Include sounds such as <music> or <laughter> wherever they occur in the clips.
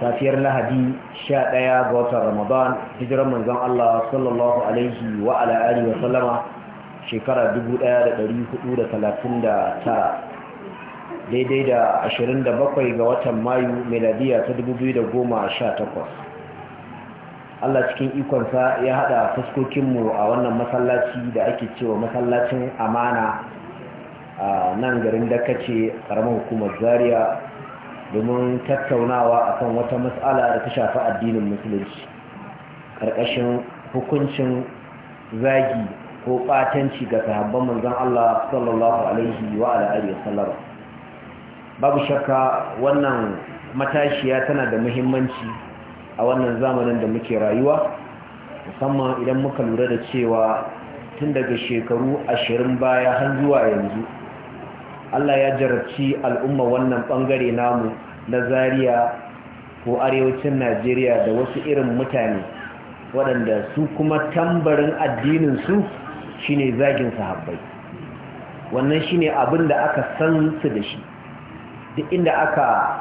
safiyar lahadi sha ɗaya ga watan ramadan hijiran manzon Allah sallallahu alaihi wa ala alihi wa sallama shekara 1439 daidai da 27 ga watan mayu meladiya ta 2018 Allah cikin ikonsa ya hada fuskokinmu a wannan masallaci da ake cewa masallacin amana a nan garin da kace karamar hukumar zaria domin tattaunawa akan wata matsala da ta shafi addinin musulunci ƙarƙashin hukuncin zagi ko ɓatanci ga sahabban manzon Allah sallallahu alaihi wa alihi sallar babu shakka wannan matashiya tana da muhimmanci a wannan zamanin da muke rayuwa musamman idan muka lura da cewa tun daga shekaru ashirin baya har zuwa yanzu Allah ya jarabci al'umma wannan ɓangare namu na Zariya ko arewacin najeriya da wasu irin mutane waɗanda su kuma tambarin addininsu shine zagin sahabbai wannan shine abin da aka san su da shi duk inda aka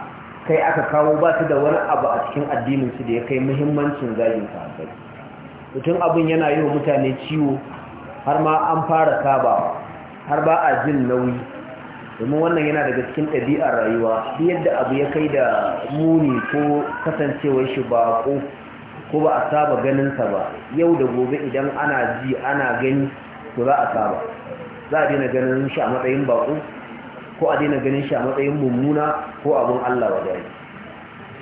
kai aka kawo ba su da wani abu a cikin addininsu da ya kai muhimmancin zagin sahabbai mutum abin yana yi wa mutane ciwo har ma an fara sabawa har ba a jin nauyi domin wannan yana daga cikin ɗabi'ar rayuwa duk yadda abu ya kai da muni ko kasancewar shi ba ko ko ba a saba ganin sa ba yau da gobe idan ana ji ana gani to za a saba za a daina ganin shi a matsayin baƙo ko a daina ganin shi a matsayin mummuna ko abun Allah wa dai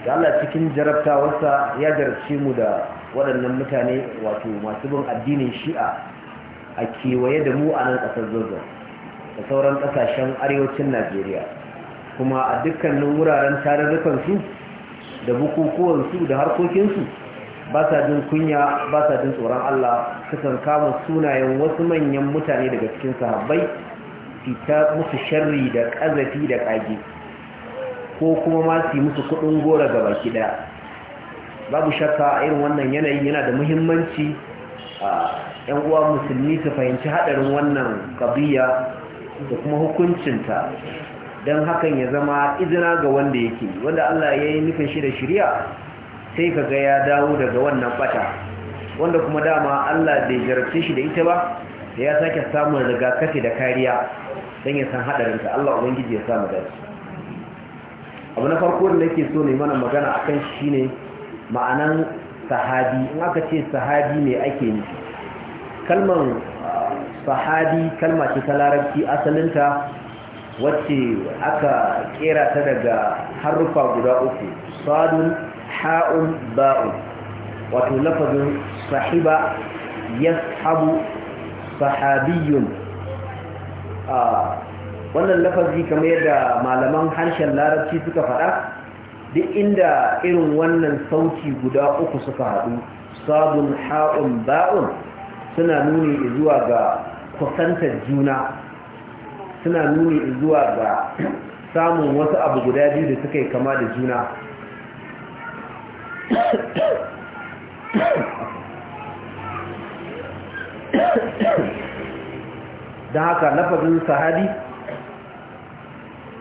da Allah cikin jarabtawarsa ya jarabce mu da waɗannan mutane wato masu bin addinin shi'a a kewaye da mu a nan ƙasar zazzau da sauran kasashen arewacin najeriya kuma a dukkanin wuraren su da bukukuwansu da harkokinsu ba sa jin kunya ba sa jin tsoron allah sukan kama sunayen wasu manyan mutane daga cikin sahabbai fita musu sharri da ƙazafi da ƙage ko kuma ma su musu kuɗin gora ga baki ɗaya babu shakka a irin wannan yanayi yana da muhimmanci a 'yan uwa musulmi su fahimci haɗarin wannan ƙabiya da kuma hukuncinta don hakan ya zama izina ga wanda yake wanda Allah ya yi nufin shi da shirya sai ka ga ya dawo daga wannan bata wanda kuma dama Allah bai jarabce shi da ita ba da ya sake samun rigakafi da kariya don ya san haɗarinta Allah Ubangiji ya samu dace abu na farko da nake so ne mana magana akan shi ne ma'anan sahabi in aka ce sahabi ne ake nufi kalman sahabi kalma ce ta larabci asalinta wacce aka kera ta daga harufa guda uku sadun ha'un ba'un wato lafazin sahiba yashabu sahabiyun wannan lafazi kamar yadda malaman harshen larabci suka faɗa duk inda irin wannan sauti guda uku suka haɗu sadun ha'un ba'un suna nuni zuwa ga kusantar juna suna nuni zuwa ga samun wasu abu guda biyu da suka yi kama da juna don haka lafazin sahabi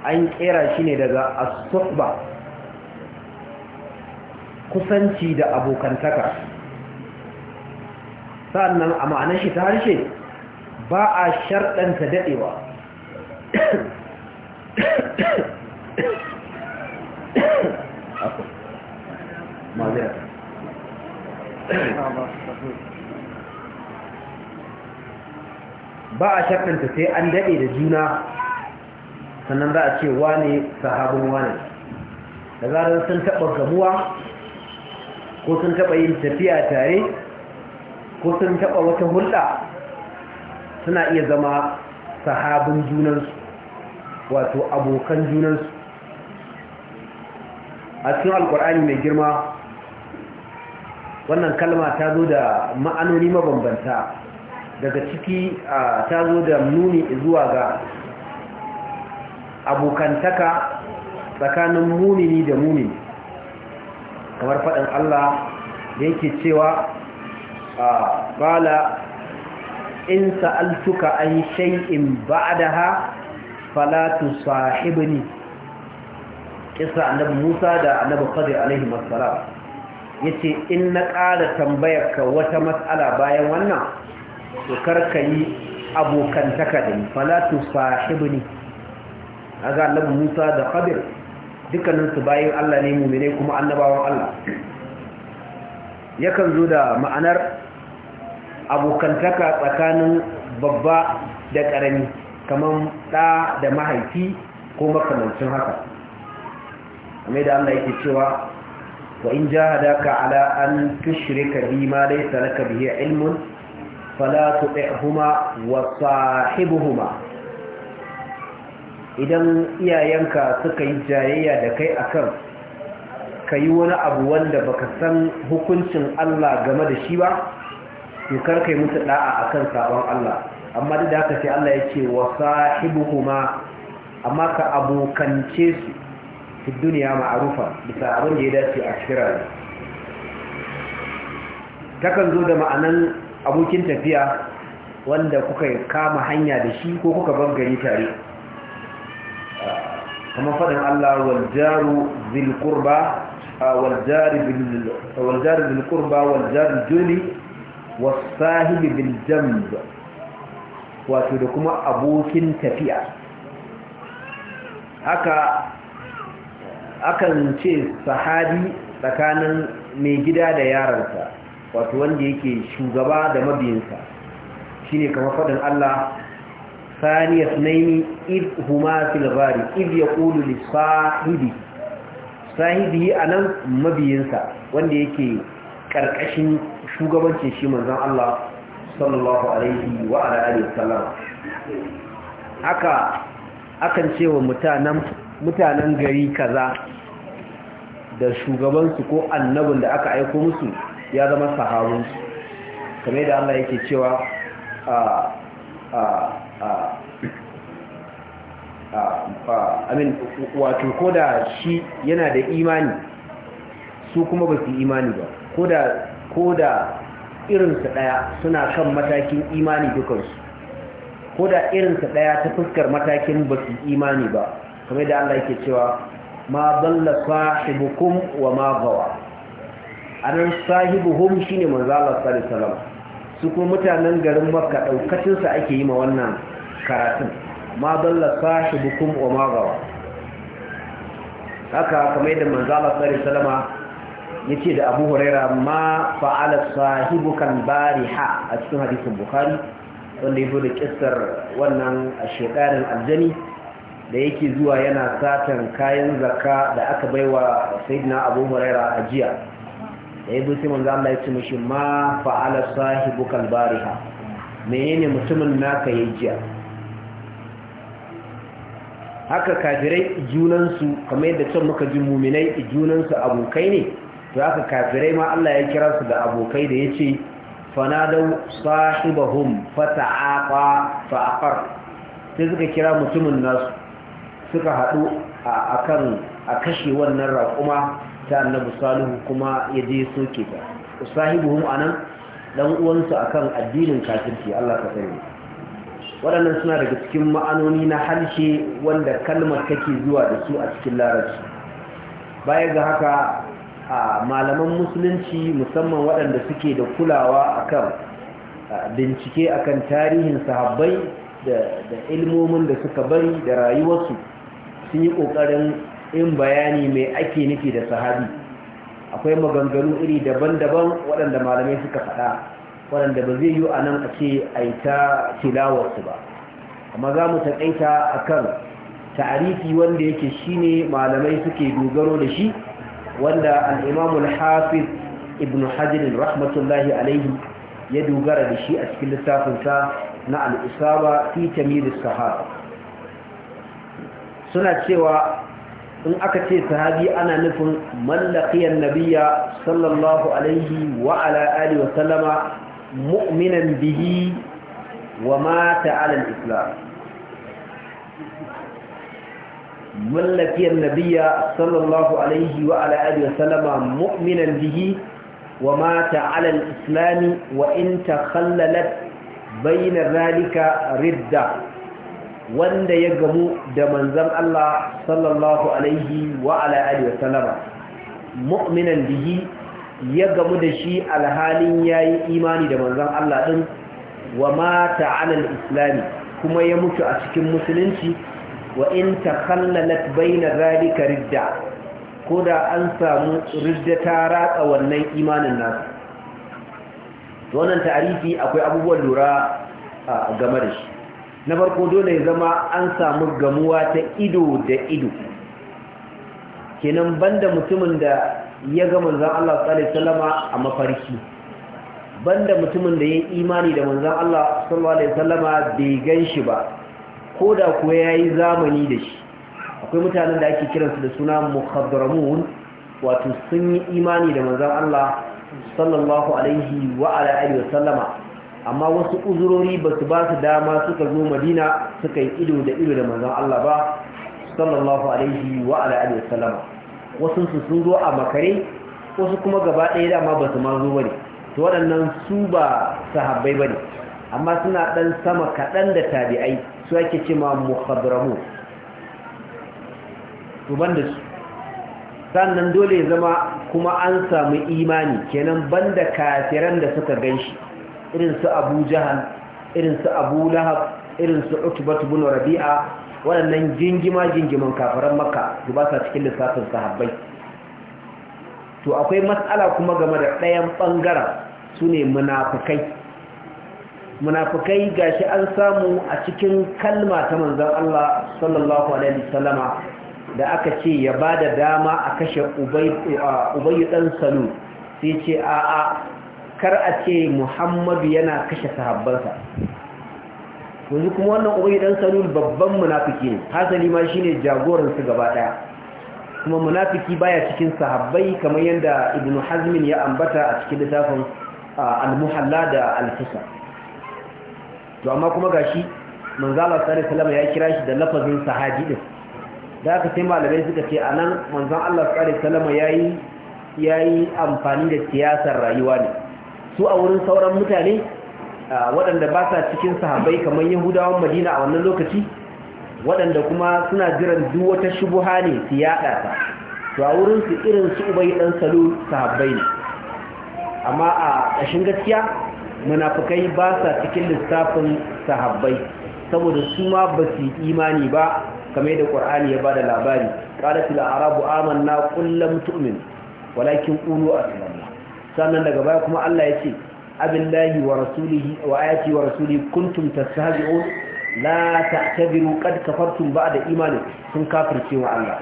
an kera shi ne daga asuwa kusanci da abokantaka sannan a ma'anar shi ta harshe ba a sharɗanta daɗewa ba a sharɗanta sai an daɗe da juna sannan za a ce wane sahabin wane da zarar sun taɓa gamuwa ko sun taɓa yin tafiya tare ko sun taɓa wata hulɗa suna iya zama sahabin junansu wato abokan junansu a cikin Alƙur'ani mai girma wannan kalma ta zo da ma'anoni mabambanta daga ciki ta zo da nuni zuwa ga abokantaka tsakanin munini da munini kamar faɗin Allah da yake cewa Bala in sa'altuka an shay'in ha Falatu tusahibni kisa annabi Musa da annabi Khidir alaihi ya ce in na ƙara tambayar ka wata matsala bayan wannan to karka yi abokan takadin Falatu fala a aga annabi Musa da Khidir dukkaninsu bayan Allah ne mu'mine kuma annabawan Allah yakan zo da ma'anar abokantaka tsakanin babba da ƙarami kamar ɗa da mahaifi ko makamancin haka kame da Allah yake cewa wa in jahadaka ala an tushrika bi ma laysa laka bihi ilmun fala tu'ihuma wa sahibuhuma idan iyayenka suka yi jayayya da kai akan ka yi wani abu wanda baka san hukuncin Allah game da shi ba to kar kai musu da'a akan sabon Allah amma duk da haka sai Allah ya ce wa sahibuhuma amma ka abokance su fi duniya ma'arufa bisa abin da ya dace a cikin rayuwa takan zo da ma'anan abokin tafiya wanda kuka kama hanya da shi ko kuka bangare tare kuma faɗin Allah wal jaru zil والجار بال... والجار بالقربى والجار الجنب والصاحب بالجنب wato da kuma abokin tafiya haka akan ce sahabi tsakanin mai gida da yaransa wato wanda yake shugaba da mabiyinsa shine kamar faɗin Allah ثانية اثنين إذ هما في الغار إذ يقول لصاحبه sahibi a nan mabiyinsa wanda yake ƙarƙashin shugabancin shi manzan Allah sallallahu alaihi wa alaihi sallama haka akan cewa mutanen mutanen gari kaza da shugabansu ko annabin da aka aiko musu ya zama sahabinsu kame da Allah yake cewa a amin wato ko da shi yana da imani su kuma ba su imani ba ko da irinsa ɗaya suna kan matakin imani dukansu ko da irinsa ɗaya ta fuskar matakin ba su imani ba kamar da Allah yake cewa ma balla sahibukum wa ma gawa anan sahibuhum shine manzo Allah sallallahu alaihi wasallam su kuma mutanen garin Makka daukacinsa ake yi ma wannan karatun ma dalla sahibukum wa ma haka kamar da manzo tsari salama ya ce yace da Abu Huraira ma fa'ala sahibukan bariha a cikin hadisin Bukhari wanda yabo da kissar wannan shekarin aljani da yake zuwa yana satan kayan zakka da aka baiwa saidna Abu Huraira a jiya da yabo sai manzo Allah ya ce mishi ma fa'ala sahibukan bariha menene mutumin naka yayi jiya haka kafirai junansu kamar yadda can muka ji muminai junansu abokai ne to haka kafirai ma Allah ya kira su da abokai da yace fanadaw sahibahum fata'aqa fa'aqar sai suka kira mutumin nasu suka hadu akan a kashe wannan raƙuma ta annabi salihu kuma ya je soke ta sahibuhum anan dan uwansu akan addinin kafirci Allah ka sani waɗannan suna daga cikin ma'anoni na harshe wanda kalmar take zuwa da su a cikin larabci baya ga haka a malaman musulunci musamman waɗanda suke da kulawa kan bincike akan tarihin sahabbai da ilmomin da suka bari da rayuwarsu sun yi ƙoƙarin in bayani mai ake nufi da sahabi akwai maganganu iri daban-daban waɗanda malamai suka faɗa waɗanda ba zai yi a nan a ce a yi ta tilawarsu ba amma za mu taƙaita a kan ta'arifi wanda yake shine malamai suke dogaro da shi wanda al'imamul hafiz ibn hajjirin rahmatullahi alaihi ya dogara da shi a cikin littafinsa na al'isaba fi tamiris sahara suna cewa in aka ce sahabi ana nufin mallakiyar nabiya sallallahu alaihi wa wa sallama mu'minan bihi wa mata ala islam mallakiyar nabiya sallallahu alaihi wa ala alihi mu'minan bihi wa mata ala islami wa inta takhallalat baina zalika ridda wanda ya gamu da manzan Allah sallallahu alaihi wa mu'minan bihi ya gamu da shi alhalin ya yi imani da manzan Allah ɗin wa mata alal islami kuma ya mutu a cikin musulunci wa in ta kallalat baina zalika ridda ko da an samu ridda ta ratsa wannan imanin nasu wannan tarihi akwai abubuwan lura a game da shi na farko dole ya zama an samu gamuwa ta ido da ido kenan banda mutumin da ya ga manzan Allah sallallahu alaihi wasallama a mafarki banda mutumin da ya yi imani da manzan Allah sallallahu alaihi wasallama bai gan shi ba ko da kuwa ya yi zamani da shi akwai mutanen da ake kiransu da suna muhadramun wato sun yi imani da manzan Allah sallallahu alaihi wa ala alihi wasallama amma wasu uzurori ba su ba su dama suka zo madina suka yi ido da ido da manzan Allah ba sallallahu alaihi wa ala alihi wasallama wasu su sun zo a makare wasu kuma gaba ɗaya dama ba su ma zo bane to waɗannan su ba sahabbai bane amma suna ɗan sama kaɗan da tabi'ai su ake ce ma muhabramu to banda su sannan dole ya zama kuma an samu imani kenan banda kafiran da suka ganshi irin su abu jahan irin su abu lahab irin su utubatu bin rabi'a waɗannan jingima jingiman kafaran makka su ba sa cikin lissafin sahabbai to akwai matsala kuma game da ɗayan ɓangaren su ne munafukai munafukai ga shi an samu a cikin kalma ta manzan Allah sallallahu alaihi wasallama da aka ce ya ba da dama a kashe ubayi ɗan salu sai ce a'a kar a ce muhammadu yana kashe sahabbansa yanzu kuma wannan ubangi dan salul babban munafiki ne hasali ma shine jagoran su gaba daya kuma munafiki baya cikin sahabbai kamar yanda ibnu hazm ya ambata a cikin littafin al-muhalla da al fisa to amma kuma gashi manzala sallallahu alaihi ya kira shi da lafazin sahabi din da aka sai malamai suka ce anan manzon Allah sallallahu alaihi yayi yayi amfani da siyasar rayuwa ne su a wurin sauran mutane waɗanda ba sa cikin sahabbai kamar yahudawan madina a wannan lokaci waɗanda kuma suna jiran duk wata shubuha ne su yaɗa ta to a wurinsu irin su ubai ɗan salo sahabbai ne amma a ƙashin gaskiya munafukai ba sa cikin lissafin sahabbai saboda su ma ba su imani ba kamar yadda ƙwar'ani ya ba da labari ƙalatul arabu amanna kullum tu'min walakin qulu aslamna sannan daga baya kuma Allah ya ce abillahi wa rasulihi wa ayati wa rasulihi kuntum tastahzi'un la ta'tabiru qad kafartum ba'da imanikum sun kafirce wa Allah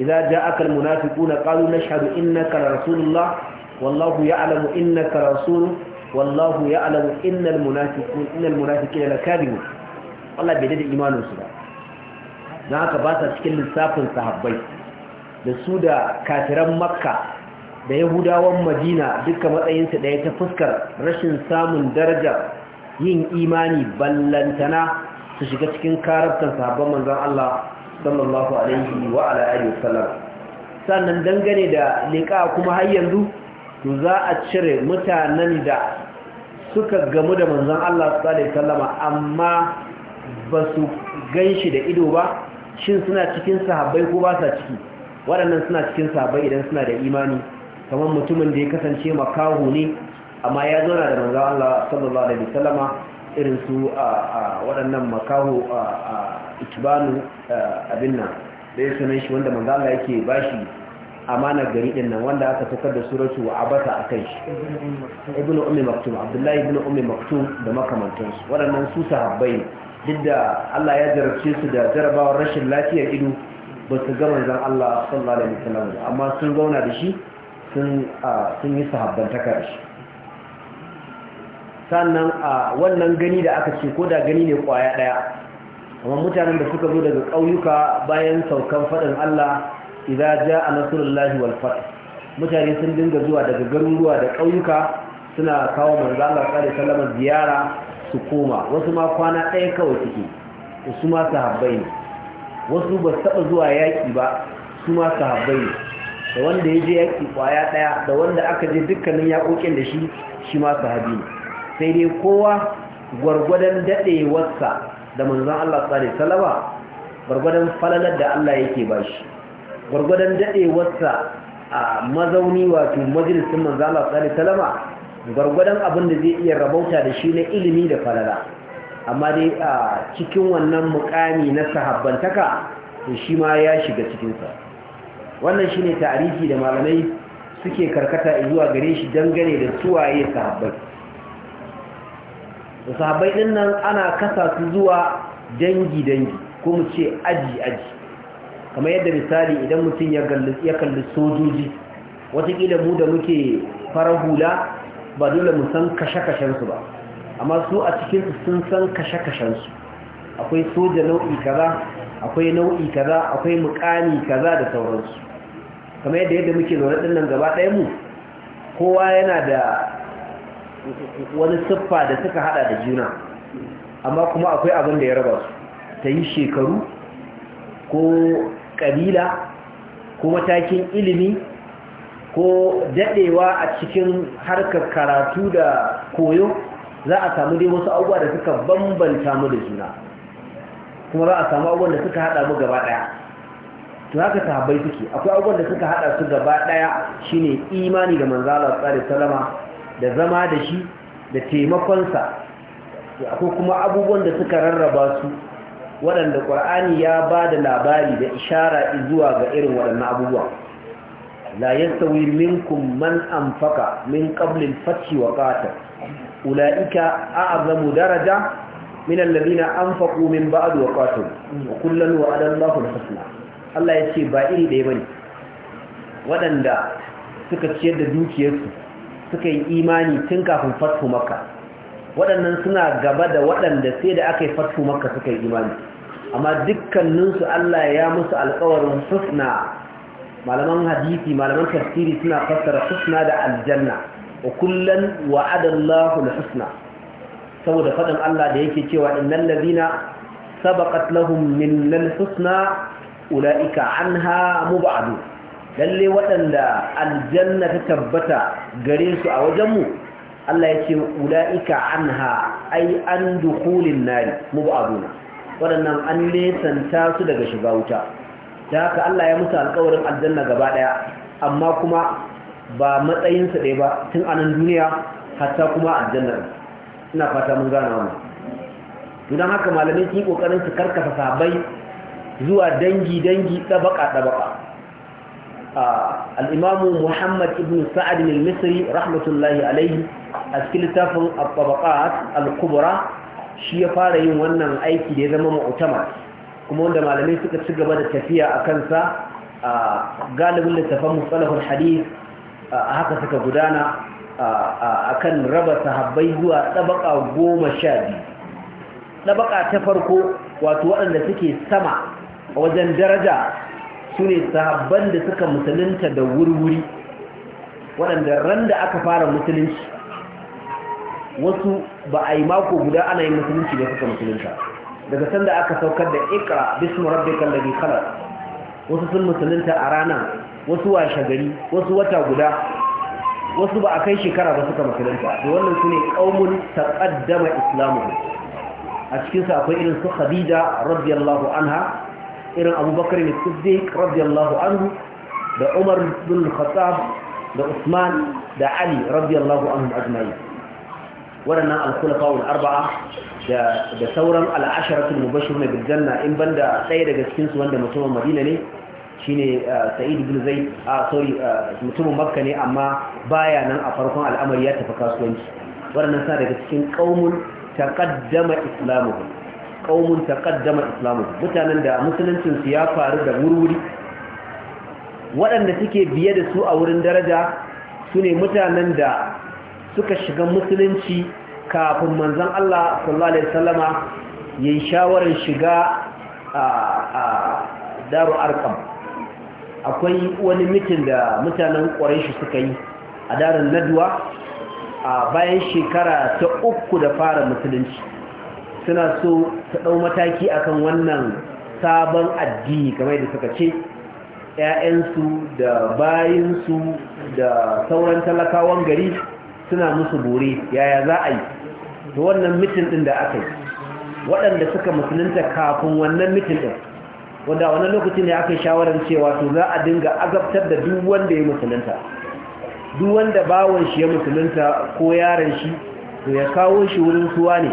idza ja'aka almunafiquna qalu nashhadu innaka rasulullah wallahu ya'lamu innaka rasul wallahu ya'lamu innal munafiquna innal munafiqina lakadibun Allah bai da imanin su ba dan haka ba sa cikin lissafin sahabbai da su da kafiran makka da yahudawan madina duka matsayinsu ɗaya ta fuskar rashin samun daraja yin imani ballantana su shiga cikin karabtar sahabban manzan Allah sallallahu alaihi wa wasallam sannan dangane da liƙa kuma har yanzu za a cire mutanen da suka gamu da manzan Allah sallallahu alaihi amma ba su gan shi da ido ba shin suna cikin sahabbai ko ba sa ciki waɗannan suna cikin sahabai idan suna da imani kamar mutumin da ya kasance makahu ne amma ya zauna da manzo Allah sallallahu alaihi wasallama irin su a waɗannan makahu a itibanu abin nan da yake sanin shi wanda manzo Allah yake bashi amana gari din nan wanda aka tukar da suratu abasa akan shi ibn ummi maktum abdullahi ibn ummi maktum da makamantansu waɗannan su sahabbai duk da Allah ya jarabce su da jarabawar rashin lafiyar ido ba su ga manzon Allah sallallahu alaihi wasallam amma sun zauna da shi sun yi sahabbantaka da shi sannan a wannan gani da aka ce ko da gani ne kwaya ɗaya. amma mutanen da suka zo daga ƙauyuka bayan saukan faɗin Allah ja a nasarar wal fath mutane sun dinga zuwa daga garuruwa da ƙauyuka suna kawo manzo Allah sallallahu ziyara su koma wasu ma kwana ɗaya kawai suke su ma sahabbai ne wasu ba su taɓa zuwa yaƙi ba su ma sahabbai ne da wanda ya je yaki kwaya daya da wanda aka je dukkanin yakokin da shi shi ma sahabi sai dai kowa gwargwadon dadewarsa da manzon Allah sallallahu alaihi wasallam gwargwadon falalar da Allah yake bashi gwargwadon dadewarsa a mazauni wato majalisin manzon Allah sallallahu alaihi wasallam gwargwadon abin da zai iya rabauta da shi na ilimi da falala amma dai cikin wannan mukami na sahabbantaka to shi ma ya shiga cikinsa wannan shi ne tarihi da malamai suke karkata zuwa gare shi dangane da suwaye sahabbai da sahabbai din nan ana kasa su zuwa dangi dangi ko mu ce aji aji kamar yadda misali idan mutum ya kalli sojoji watakila mu da muke farar hula ba dole mu san kashe-kashensu ba amma su a cikinsu sun san kashe-kashensu akwai soja nau'i kaza akwai nau'i kaza akwai mukami kaza da sauransu kamar yadda yadda muke zaune ɗin nan gaba ɗaya mu kowa yana da wani siffa da suka haɗa da juna amma kuma akwai abin da ya raba su ta yi shekaru ko ƙabila ko matakin ilimi ko daɗewa a cikin harkar karatu da koyo za a samu dai wasu abubuwa da suka bambanta mu da juna kuma za a samu abubuwan da suka haɗa mu gaba ɗaya to haka sahabbai suke akwai abubuwan da suka hada su gaba daya shine imani da manzo Allah sallallahu da zama da shi da taimakon sa akwai kuma abubuwan da suka rarraba su waɗanda Qur'ani ya ba da labari da ishara zuwa ga irin waɗannan abubuwa la yastawi minkum man anfaqa min qabli al fathi wa qata ulaika a'zamu daraja min alladhina anfaqu min ba'd wa qatal kullu wa'ada Allahu al-husna Allah ya ce ba iri ɗaya bane waɗanda suka ciyar da dukiyarsu suka yi imani tun kafin fatu maka waɗannan suna gaba da waɗanda sai da aka yi fatu maka suka yi imani amma dukkaninsu Allah ya musu alƙawarin husna malaman hadisi malaman tafsiri suna fassara husna da aljanna wa kullan wa'ada na husna saboda faɗin Allah da yake cewa innal ladina sabaqat lahum minnal husna ula'ika anha mubadu lalle waɗanda aljanna ta tabbata gare su a wajenmu Allah ya ce ula'ika anha ai an dukulin nari mubaduna waɗannan an nesanta su daga shiga wuta ta haka Allah ya musu alƙawarin aljanna gaba ɗaya amma kuma ba matsayinsa ɗaya ba tun anan duniya hatta kuma aljanna ina fata mun gane wannan to haka malamai sun yi kokarin su karkasa sabai zuwa dangi-dangi ɗabaƙa-ɗabaƙa al'imamu muhammad ibn sa'ad min misri rahmatullahi alaihi a cikin littafin al-tabaqat al shi ya fara yin wannan aiki da ya zama mu'tama kuma wanda malamai suka ci gaba da tafiya a kansa a galibin littafan musalahul hadith a haka suka gudana a kan raba sahabbai zuwa ɗabaƙa goma sha biyu ɗabaƙa ta farko wato waɗanda suke sama a wajen daraja su ne sahabban da suka musulunta da wuri-wuri, waɗanda ran da aka fara musulunci wasu ba a yi mako guda ana yin musulunci da suka musulunta daga sanda aka saukar da ikra bismi rabbikal ladhi khalaq wasu sun musulunta a rana wasu washe gari wasu wata guda wasu ba a kai shekara ba suka musulunta Da wannan sune qaumun taqaddama islamuhum a cikin akwai irin su Khadija radiyallahu anha إلى أبو بكر الصديق رضي الله عنه دا عمر بن الخطاب دا عثمان دا علي رضي الله عنهم أجمعين ورنا الخلفاء الأربعة دا دا ثورة العشرة المبشرون بالجنة إن بندا سيدة جسكنس وندا مصوم مدينة لي شيني آه، سعيد بن زيد آه سوري آه مصوم مكة لي أما بايا نان أفرقان الأمريات فكاس وينش ورنا سيدة جسكنس قوم تقدم إسلامهم qaumun taqaddama islamu mutanen da musuluncin su ya faru da wurwuri waɗanda suke biye da su a wurin daraja su ne mutanen da suka shiga musulunci kafin manzon Allah sallallahu alaihi wasallama yayin shawarar shiga a daru arkam akwai wani mitin da mutanen ƙwarai suka yi a darin nadwa a bayan shekara ta uku da fara musulunci suna so ta ɗau mataki akan wannan sabon addini kamar da suka ce ‘ya'yansu da bayansu da sauran talakawan gari suna musu bore yaya za a yi wannan mitin ɗin da aka yi waɗanda suka musulunta kafin wannan mitin ɗin wanda wannan lokacin ne aka yi shawarar cewa to za a dinga azabtar da duk wanda ya musulunta duk wanda bawon shi ya musulunta ko yaron shi to ya kawo shi wurin suwa ne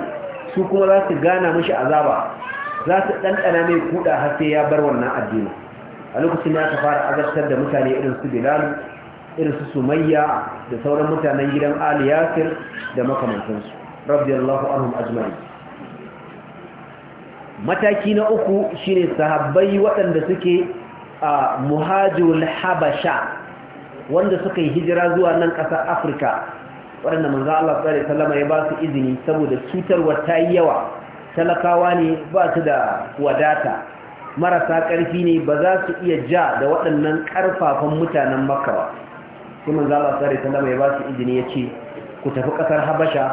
su kuma za su gana mashi azaba za su ɗanɗana mai kuɗa har sai ya bar wannan addini a lokacin da aka fara azabtar da mutane irin su bilal irin su sumayya da sauran mutanen gidan ali yasir da makamantansu radiyallahu anhum ajma'in mataki na uku shine sahabbai waɗanda suke a muhajirul habasha wanda suka yi hijira zuwa nan ƙasar afirka waɗanda manzo Allah sallallahu alaihi ya ba su izini saboda cutarwa ta yi yawa talakawa ne ba su da wadata marasa ƙarfi ne ba za su iya ja da waɗannan ƙarfafan mutanen makka ba sai manzo Allah sallallahu alaihi ya ba su izini ya ce ku tafi ƙasar habasha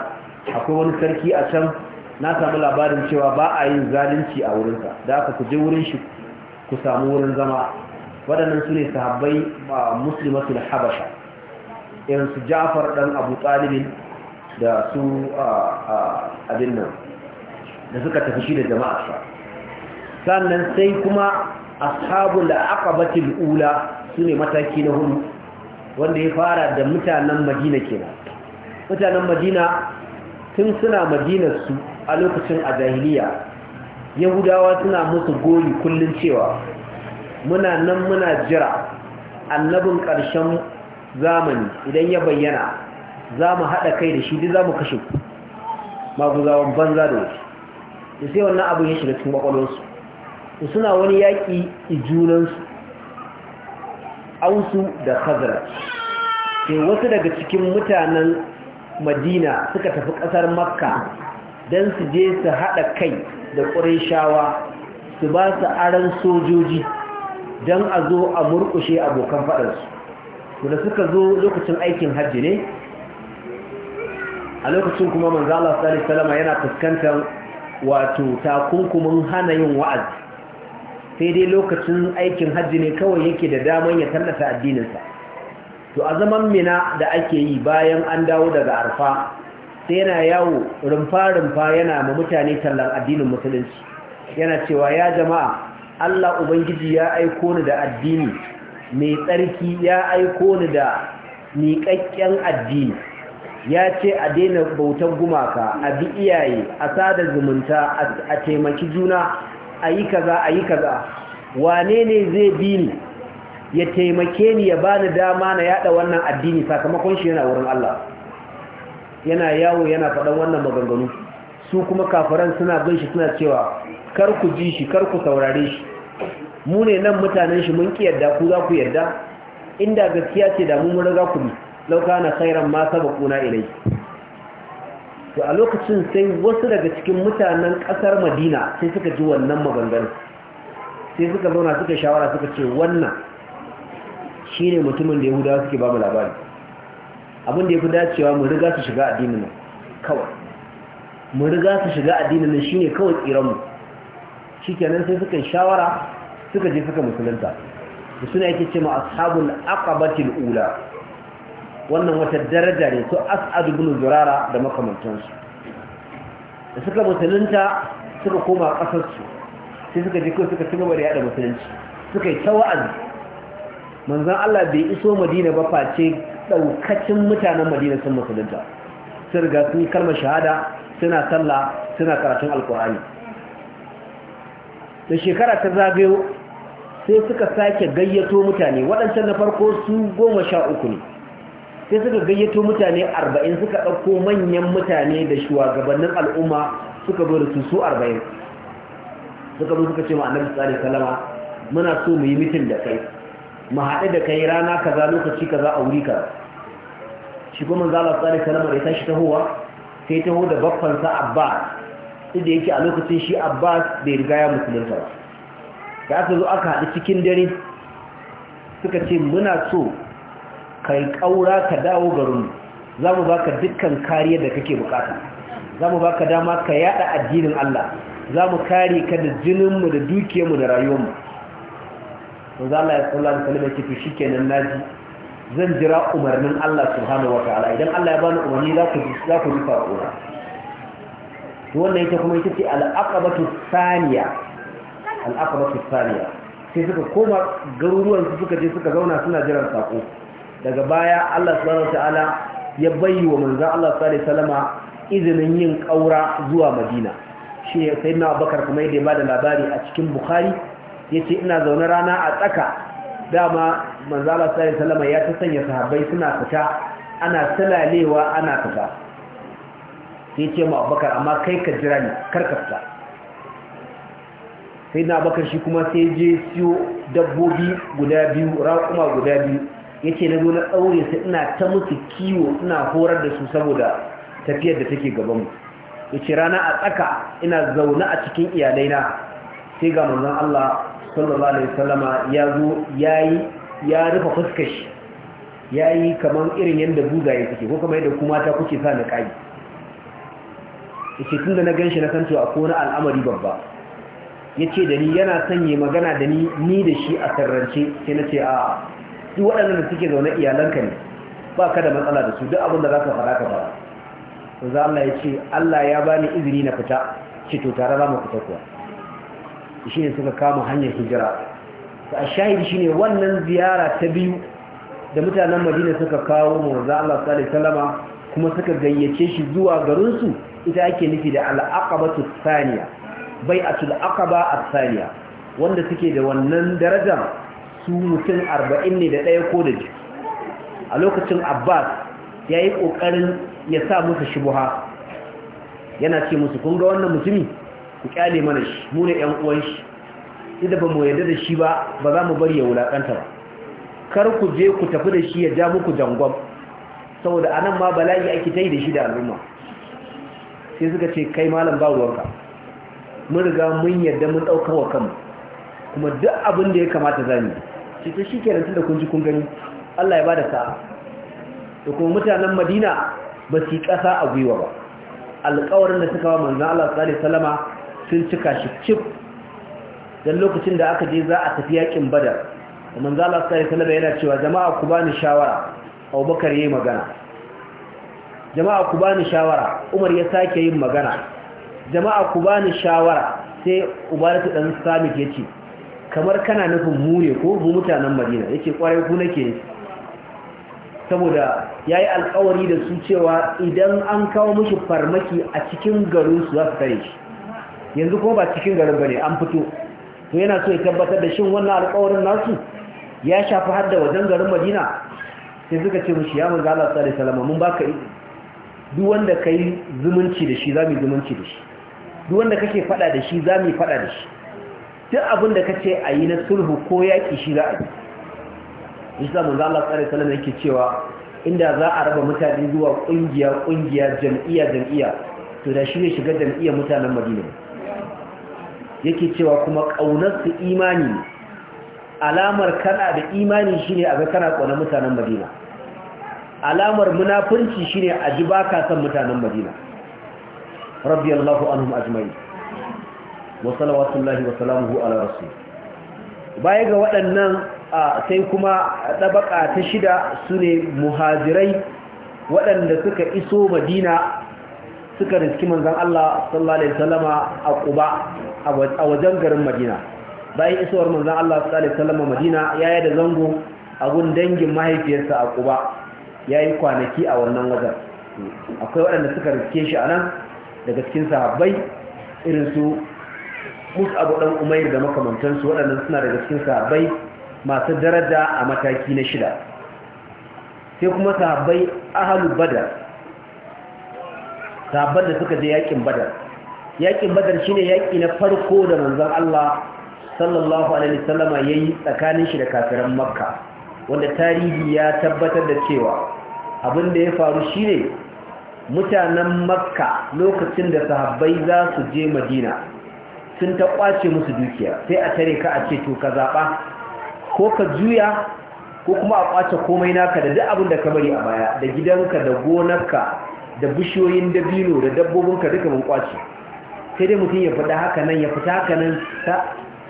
akwai wani sarki a can na samu labarin cewa ba a yin zalunci a wurinsa da aka ku je wurin shi ku samu wurin zama waɗannan su ne sahabbai musulmatul habasha irin jafar ɗan abu talibin da su abin nan da suka tafi shi da jama'a sa sannan sai kuma ashabu aka la'aqabatil ula ne mataki na hudu wanda ya fara da mutanen madina kenan mutanen madina tun suna madinarsu a lokacin a jahiliya yahudawa suna musu goyi kullum cewa muna nan muna jira annabin ƙarshen zamani idan ya bayyana za mu haɗa kai da shi duk za mu kashe ku maguzawan banza da wasu da sai wannan abin ya shiga cikin kwakwalwarsu da suna wani yaƙi junansu ausu da khazara sai wasu daga cikin mutanen madina suka tafi ƙasar makka don su je su haɗa kai da ƙurishawa su ba su aron sojoji don a zo a murƙushe abokan faɗarsu to da suka zo lokacin aikin hajji ne a lokacin kuma manzo Allah sallallahu yana fuskantar wato takunkumin hana yin wa'azi sai dai lokacin aikin hajji ne kawai yake da daman ya tallata addininsa to a zaman mina da ake yi bayan an dawo daga arfa sai yana yawo rumfa-rumfa yana ma mutane tallan addinin musulunci yana cewa ya jama'a Allah Ubangiji ya aiko ni da addini mai tsarki ya aiko ni da miƙaƙƙen addini ya ce a daina bautan gumaka a bi iyaye a sada zumunta a taimaki juna a yi kaza a yi kaza wane ne zai bi ni ya taimake ni ya ba ni dama na yada wannan addini sakamakon shi yana wurin Allah yana yawo yana faɗan wannan maganganu su kuma kafaran suna bin shi suna cewa kar ku ji shi kar ku saurare shi mu ne nan mutanen shi mun ki yarda ku za ku yarda inda gaskiya ce da mu mun riga ku bi lauka na khairan ma sabaquna ilayhi to a lokacin sai wasu daga cikin mutanen kasar Madina sai suka ji wannan maganganu sai suka zauna suka shawara suka ce wannan shine mutumin da Yahudawa suke ba mu labari abin da yafi dacewa mu riga su shiga addinin mu kawai mu riga su shiga addinin nan shine kawai tsiran mu shikenan sai suka shawara suka je suka musulunta da suna yake ce ma ashabul aqabatil ula wannan wata daraja ne su as'ad ibn zurara da makamantansu da suka musulunta suka koma ƙasarsu sai suka je kai suka ci gaba da musulunci suka yi ta wa'azi manzon Allah bai iso Madina ba face daukacin mutanen Madina sun musulunta sun riga sun kalmar shahada suna sallah suna karatun alkur'ani da shekara ta zagayo sai suka sake gayyato mutane waɗancan na farko su goma sha uku ne sai suka gayyato mutane arba'in suka ɗauko manyan mutane da shugabannin al'umma suka zo da su su arba'in suka zo suka ce ma annabi tsari salama muna so mu yi mitin da kai mu haɗu da kai rana kaza lokaci kaza a wuri kaza shi kuma zala tsari salama da ya tashi tahowa sai taho da baffansa abbas inda yake a lokacin shi abbas bai riga ya musulunta ba ya aka zo aka haɗu cikin dare suka ce muna so ka yi ƙaura ka dawo garin za mu ba ka dukkan kariyar da kake bukata za mu ba ka dama ka yada addinin Allah za mu kare ka da jininmu da dukiyarmu da rayuwarmu za Allah ya tsalla salama kalibar to shi kenan naji zan jira umarnin Allah hannu wa ta'ala idan Allah ya bani umarni za ku za ku rufa ƙura wannan ita kuma ita ce al'aqabatu thaniya al'aqabatu tsariya sai suka koma garuruwan su suka je suka zauna suna jiran sako daga baya Allah subhanahu ta'ala ya bayi wa manzan Allah sallallahu alaihi izinin yin ƙaura zuwa Madina shi na Abakar kuma ya da labari a cikin ya ce ina zaune rana a tsaka dama manzan Allah sallallahu ya ta sanya sahabbai suna fita ana salalewa ana fita sai ce Abakar amma kai ka jira ni fita. sai na bakar shi kuma sai je siyo dabbobi guda biyu raƙuma guda biyu ya ce na zo na tsaure sai ina ta musu kiwo ina horar da su saboda tafiyar da take gabanmu ya ce rana a tsaka ina zaune a cikin iyalaina sai ga manzon Allah sallallahu alaihi wasallama ya zo yayi ya rufe fuskar shi yayi kaman irin yanda bugaye suke ko kamar yadda kuma ta kuke sa na kai yace tunda na ganshi na kanto a ko al'amari babba ya ce da ni yana sanye magana da ni ni da shi a sarrance sai na ce a su waɗannan da suke zaune iyalanka ne ba ka da matsala da su duk abin da za ka fara ka faɗa za Allah ya ce Allah ya bani izini na fita ce to tare za mu fita kuwa shi ne suka kama hanyar hijira a shahidi shi ne wannan ziyara ta biyu da mutanen madina suka kawo mu za Allah salama kuma suka gayyace shi zuwa garinsu ita ake nufi da al'aqabatu saniya Bai a tul'aka ba a saniya wanda suke da wannan darajar su mutum arba'in ne da ɗaya ko da ji a lokacin Abbas ya yi ƙoƙarin ya sa musu shibuha. yana ce musu kun ga wannan mutumi ku ƙyale mana shi Muna 'yan uwan shi idan ba mu yarda da shi ba ba za mu bari ya wulaƙanta ba kar ku je ku tafi da shi ya ja muku jangon saboda anan ma bala'i ake yi da shi da al'umma sai suka ce kai malam ba ruwanka mun riga mun yarda mun ɗaukar wa kanmu kuma duk abin da ya kamata za shi ta shi kenan tunda kun ji kun gani Allah ya bada sa'a to kuma mutanen Madina ba su kasa a gwiwa ba alƙawarin da suka ba manzo Allah sallallahu alaihi wasallama sun cika shi cif dan lokacin da aka je za a tafi yakin Badar manzo Allah sallallahu alaihi wasallama yana cewa jama'a ku bani shawara Abubakar yayi magana jama'a ku bani shawara Umar ya sake yin magana jama'a ku bani shawara sai ubaratu dan samit yace kamar kana nufin mu ne ko mu mutanen madina yace kwarai ku nake saboda yayi alƙawari da su cewa idan an kawo mushi farmaki a cikin garin su za su kare shi yanzu ko ba cikin garin bane an fito to yana so ya tabbatar da shin wannan alƙawarin nasu ya shafi har da wajen garin madina sai suka ce mushi ya manzo Allah sallallahu alaihi wasallam mun baka duk wanda kai zumunci da shi za yi zumunci da shi duk wanda kake fada da shi za mu fada da shi duk abin da kace a yi na sulhu ko yaƙi shi za a yi isa manzo Allah sallallahu alaihi cewa inda za a raba mutane zuwa kungiya kungiya jam'iyya jam'iyya to da shi ne shiga jam'iyyar mutanen Madina yake cewa kuma kaunar su imani alamar kana da imani shine a ga kana kauna mutanen Madina alamar munafurci shine a ji baka san mutanen Madina رضي الله عنهم أجمعين وصلوات الله وسلامه على رسول baya ga waɗannan sai kuma ɗabaka ta shida su ne muhajirai waɗanda suka iso madina suka riski manzan Allah sallallahu Alaihi wasallama a ƙuba a wajen garin madina bayan isowar manzan Allah sallallahu Alaihi wasallama madina ya yi da zango a dangin mahaifiyarsa a ƙuba ya yi kwanaki a wannan wajen akwai waɗanda suka riske shi a nan daga cikin sahabbai irin su abu dan umair da makamantansu waɗannan suna daga cikin sahabbai masu daraja a mataki na shida sai kuma sahabbai ahalu badar sahabban da suka je yakin badar yakin badar shine yaki na farko da manzon Allah sallallahu alaihi wasallama yayi tsakanin shi da kafiran makka wanda tarihi ya tabbatar da cewa abin da ya faru shine mutanen makka lokacin da sahabbai za su je madina sun ta kwace musu dukiya sai a tare ka a ce to ka zaɓa ko ka juya ko kuma a kwace komai naka da duk abin da ka bari a baya da gidanka da gonarka da bishiyoyin dabino da dabbobinka duka mun kwace sai dai mutum ya fada haka nan ya fita haka nan ta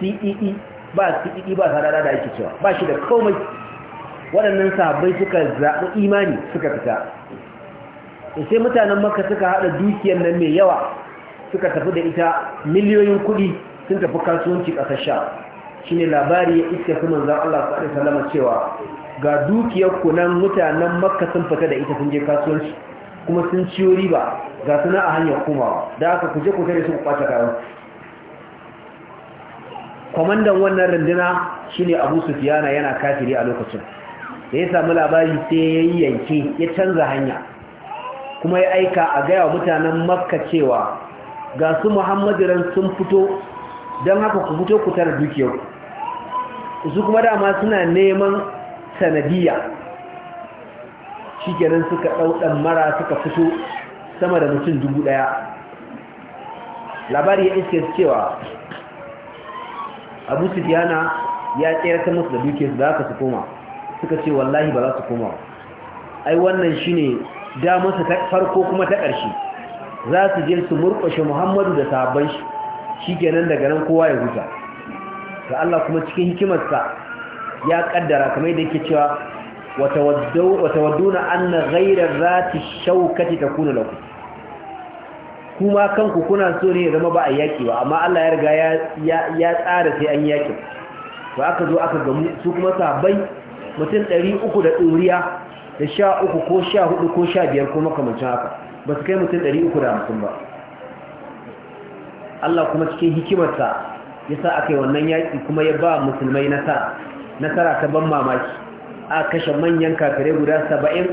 cii e e, ba cii e ba sa da ake cewa ba shi da komai waɗannan sahabbai suka zaɓi imani suka fita sai mutanen maka suka haɗa dukiyar nan mai yawa suka tafi da ita miliyoyin kuɗi sun tafi kasuwanci ƙasar sha shi ne labari ya iska su manzan Allah su aɗe salama cewa ga dukiyar kunan mutanen makka sun fita da ita sun je kasuwanci kuma sun ciyo riba ga suna a hanyar komawa da aka kuje kuje da su kwata kayan kwamandan wannan shi ne abu sufiyana yana kafiri a lokacin da ya samu labari sai ya yi yanke ya canza hanya kuma ya aika a gaya wa mutanen makka cewa ga su muhammadiran sun fito don haka ku fito ku tara dukiyar su kuma dama suna neman sanadiyya shi kenan suka ɗauɗan mara suka fito sama da mutum dubu ɗaya labari ya iske cewa abu sufiyana ya tsere ta musu da dukiyar su da haka su koma suka ce wallahi ba za su koma ai wannan shine damarsa ta farko kuma ta ƙarshe za su je su murƙushe muhammadu da sahabban shi shi kenan daga nan kowa ya huta ga Allah kuma cikin hikimarsa ya ƙaddara kamar da yake cewa wata wadduna an na gairar za ta shaukaci ta kuna laku kuma kanku kuna so ne ya zama ba a yaƙi ba amma Allah ya riga ya tsara sai an yaƙi ba aka zo aka gamu su kuma sahabbai mutum ɗari uku da ɗoriya da sha uku ko sha hudu ko sha biyar ko makamancin haka ba su kai mutum ɗari uku da hamsin ba Allah kuma cikin hikimarsa ya sa aka yi wannan yaƙi kuma ya ba musulmai nasara nasara ta ban mamaki a kashe manyan kafirai guda saba'in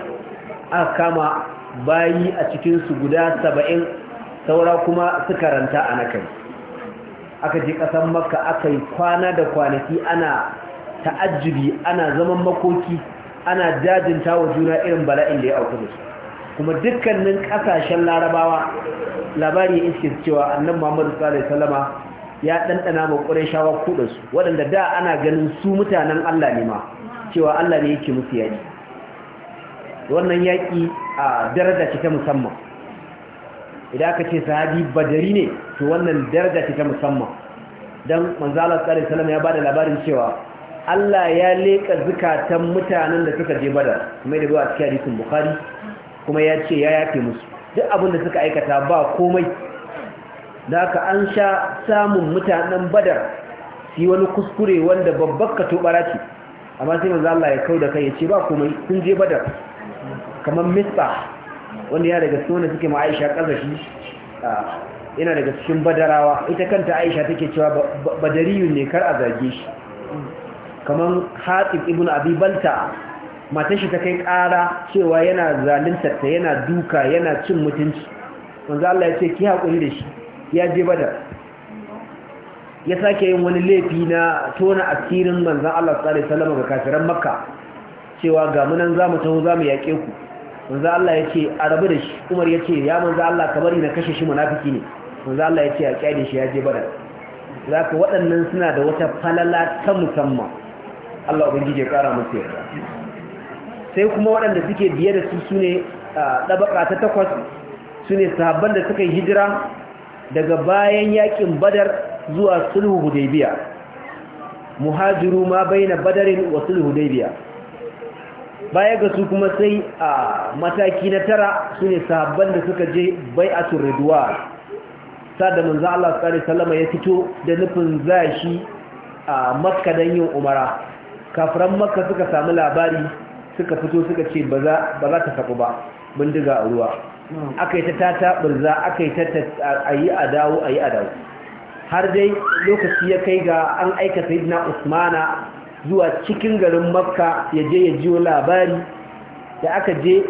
a kama bayi a cikinsu guda saba'in saura kuma su karanta a nakari aka je ƙasar maka aka yi kwana da kwanaki ana ta'ajjubi ana zaman makoki ana jajinta wa juna irin bala'in da ya auku da su kuma dukkanin kasashen larabawa labari ya iske cewa annan muhammadu sallallahu salama ya ɗanɗana ma ƙurashawa kuɗinsu waɗanda da ana ganin su mutanen allah ne ma cewa allah ne yake musu yaƙi wannan yaƙi a daraja ce ta musamman idan aka ce sahabi badari ne to wannan daraja ce ta musamman don manzala sallallahu ya ba da labarin cewa Allah ya leƙa zukatan mutanen da suka je badar kuma da a cikin hadisin bukhari kuma ya ce ya yafe musu duk abin da suka aikata ba komai da haka an sha samun mutanen badar shi wani kuskure wanda babbar ka tobara ce amma sai manzo Allah ya kau da kai ya ce ba komai sun je badar kamar misba wanda ya daga cikin suke ma Aisha kazashi yana daga cikin badarawa ita kanta Aisha take cewa badariyun ne kar a zage shi kamar hatib ibn abi balta matan shi ta kai ƙara cewa yana zaluntar ta yana duka yana cin mutunci wanzu Allah ya ce ki haƙuri da shi ya je bada, ya sake yin wani laifi na tona asirin manzan Allah tsari salama ga kafiran makka cewa ga munan za mu taho za mu yaƙe ku wanzu Allah ya ce a rabu da shi Umar ya ce ya manzan Allah kamar bari na kashe shi munafiki ne wanzu Allah ya ce a ƙyade shi ya je za ka waɗannan suna da wata falala ta musamman Allah ubangiji ya kara musu yarda sai kuma waɗanda suke biye da su sune ɗabaƙa ta takwas sune sahabban da suka yi hijira daga bayan yakin badar zuwa sulhu hudaybiya muhajiru ma baina badarin wa sulhu hudaybiya baya ga su kuma sai a mataki na tara sune sahabban da suka je bai'atul ridwan sada manzo Allah sallallahu alaihi wasallam ya fito da nufin zashi a makka dan yin umara kafiran makka suka samu labari suka fito suka ce ba za ta saku ba bindiga a ruwa aka yi ta tata birza aka yi ta ayi a dawo ayi a dawo har dai lokaci ya kai ga an aika sayidina usmana zuwa cikin garin makka ya je ya jiyo labari da aka je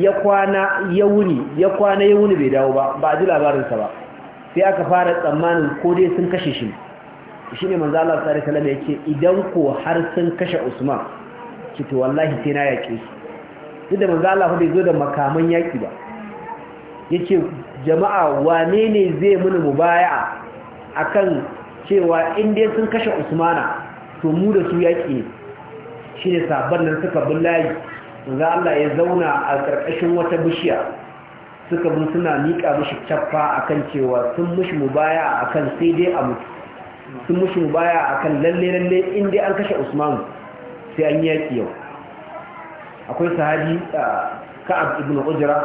ya kwana ya wuni ya kwana ya wuni bai dawo ba ba a ji labarinsa ba sai aka fara tsammanin ko dai sun kashe shi shi ne manzo Allah sallallahu alaihi wasallam yake idan ko har sun kashe Usman ki to wallahi sai na yake shi da manzo Allah bai zo da makaman yaki ba yace jama'a wane ne zai muni mubaya'a akan cewa in dai sun kashe Usmana to mu da su yaki ne sabban nan suka billahi manzo Allah ya zauna a karkashin wata bishiya suka bin suna miƙa mishi caffa akan cewa sun mushi mubaya akan sai dai a mutu sun mushi baya akan lalle lalle in dai an kashe Usman sai an yaki yau akwai sahabi Ka'ab ibn Ujra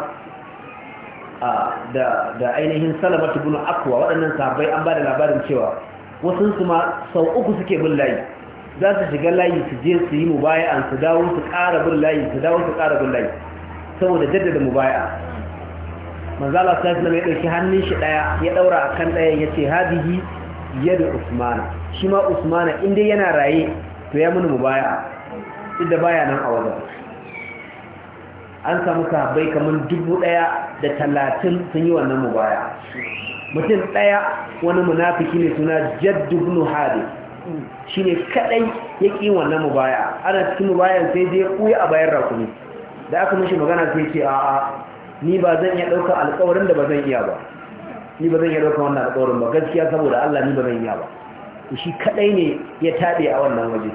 da da ainihin salamat ibn Aqwa waɗannan sahabbai an ba da labarin cewa wasu su ma sau uku suke bin layi za su shiga layi su je su yi an su dawo su ƙara bin layi su dawo su ƙara bin layi saboda jaddada mu baya. Allah sallallahu na dauki hannun shi ɗaya, ya daura akan ya ce, hadihi yadda usmana shi ma usmana inda yana raye to ya muni mubaya inda baya nan a wajen an samu sahabbai kamar dubu daya da talatin sun yi wannan mubaya mutum daya wani munafiki ne suna jaddu ibn hadi shine kadai ya ƙi wannan mubaya ana cikin mubayan sai je kuya a bayan rakumi da aka mishi magana sai ce a'a ni ba zan iya ɗaukar alƙawarin da ba zan iya ba ni ba zan yi ɗaukar wannan alƙawarin ba gaskiya saboda Allah ni ba zan yi ba shi kadai ne ya taɓe a wannan waje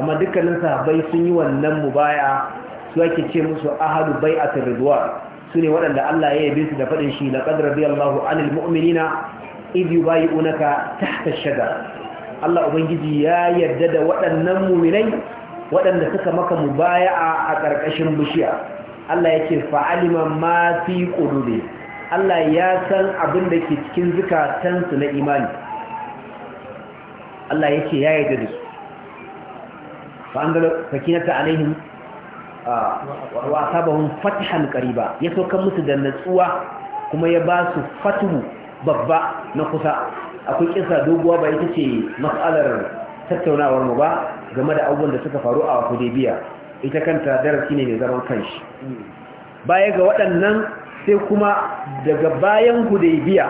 amma dukkanin sahabbai sun yi wannan mubaya su ake ce musu ahadu bai'atir ridwan su ne waɗanda Allah ya yabe su da faɗin shi laqad radiyallahu anil mu'minina idh yubayi'unaka tahta ash-shajar Allah ubangiji ya yarda da waɗannan mu'minai waɗanda suka maka mubaya'a a ƙarƙashin bishiya Allah yake fa'alima ma fi qulubi Allah ya san abin da ke cikin zukatansu na imani Allah ya ce ya yarda da su fa'angalo sakinata alaihim wa asabahum fathan qariba ya saukar musu da natsuwa kuma ya ba su fatihu babba na kusa akwai kisa doguwa ba ita ce matsalar tattaunawar mu ba game da abubuwan da suka faru a Hudaybiya ita kanta darasi ne mai zaman kanshi baya ga waɗannan sai kuma daga bayan hudaybiya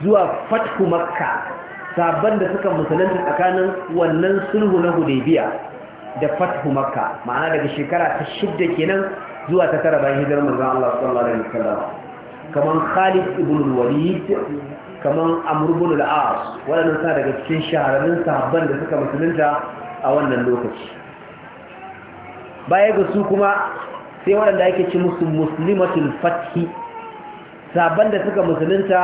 zuwa fathu makka sabon da suka musulunta tsakanin wannan sulhu na hudaybiya da fatku makka ma'ana daga shekara ta shidda kenan zuwa ta tara bayan hijirar manzon Allah sallallahu alaihi wasallam kaman Khalid ibn walid kaman Amr ibn waɗannan sa daga cikin shahararrun sahabban da suka musulunta a wannan lokaci baya ga su kuma sai waɗanda ake ci musu muslimatul fathi saban da suka musulunta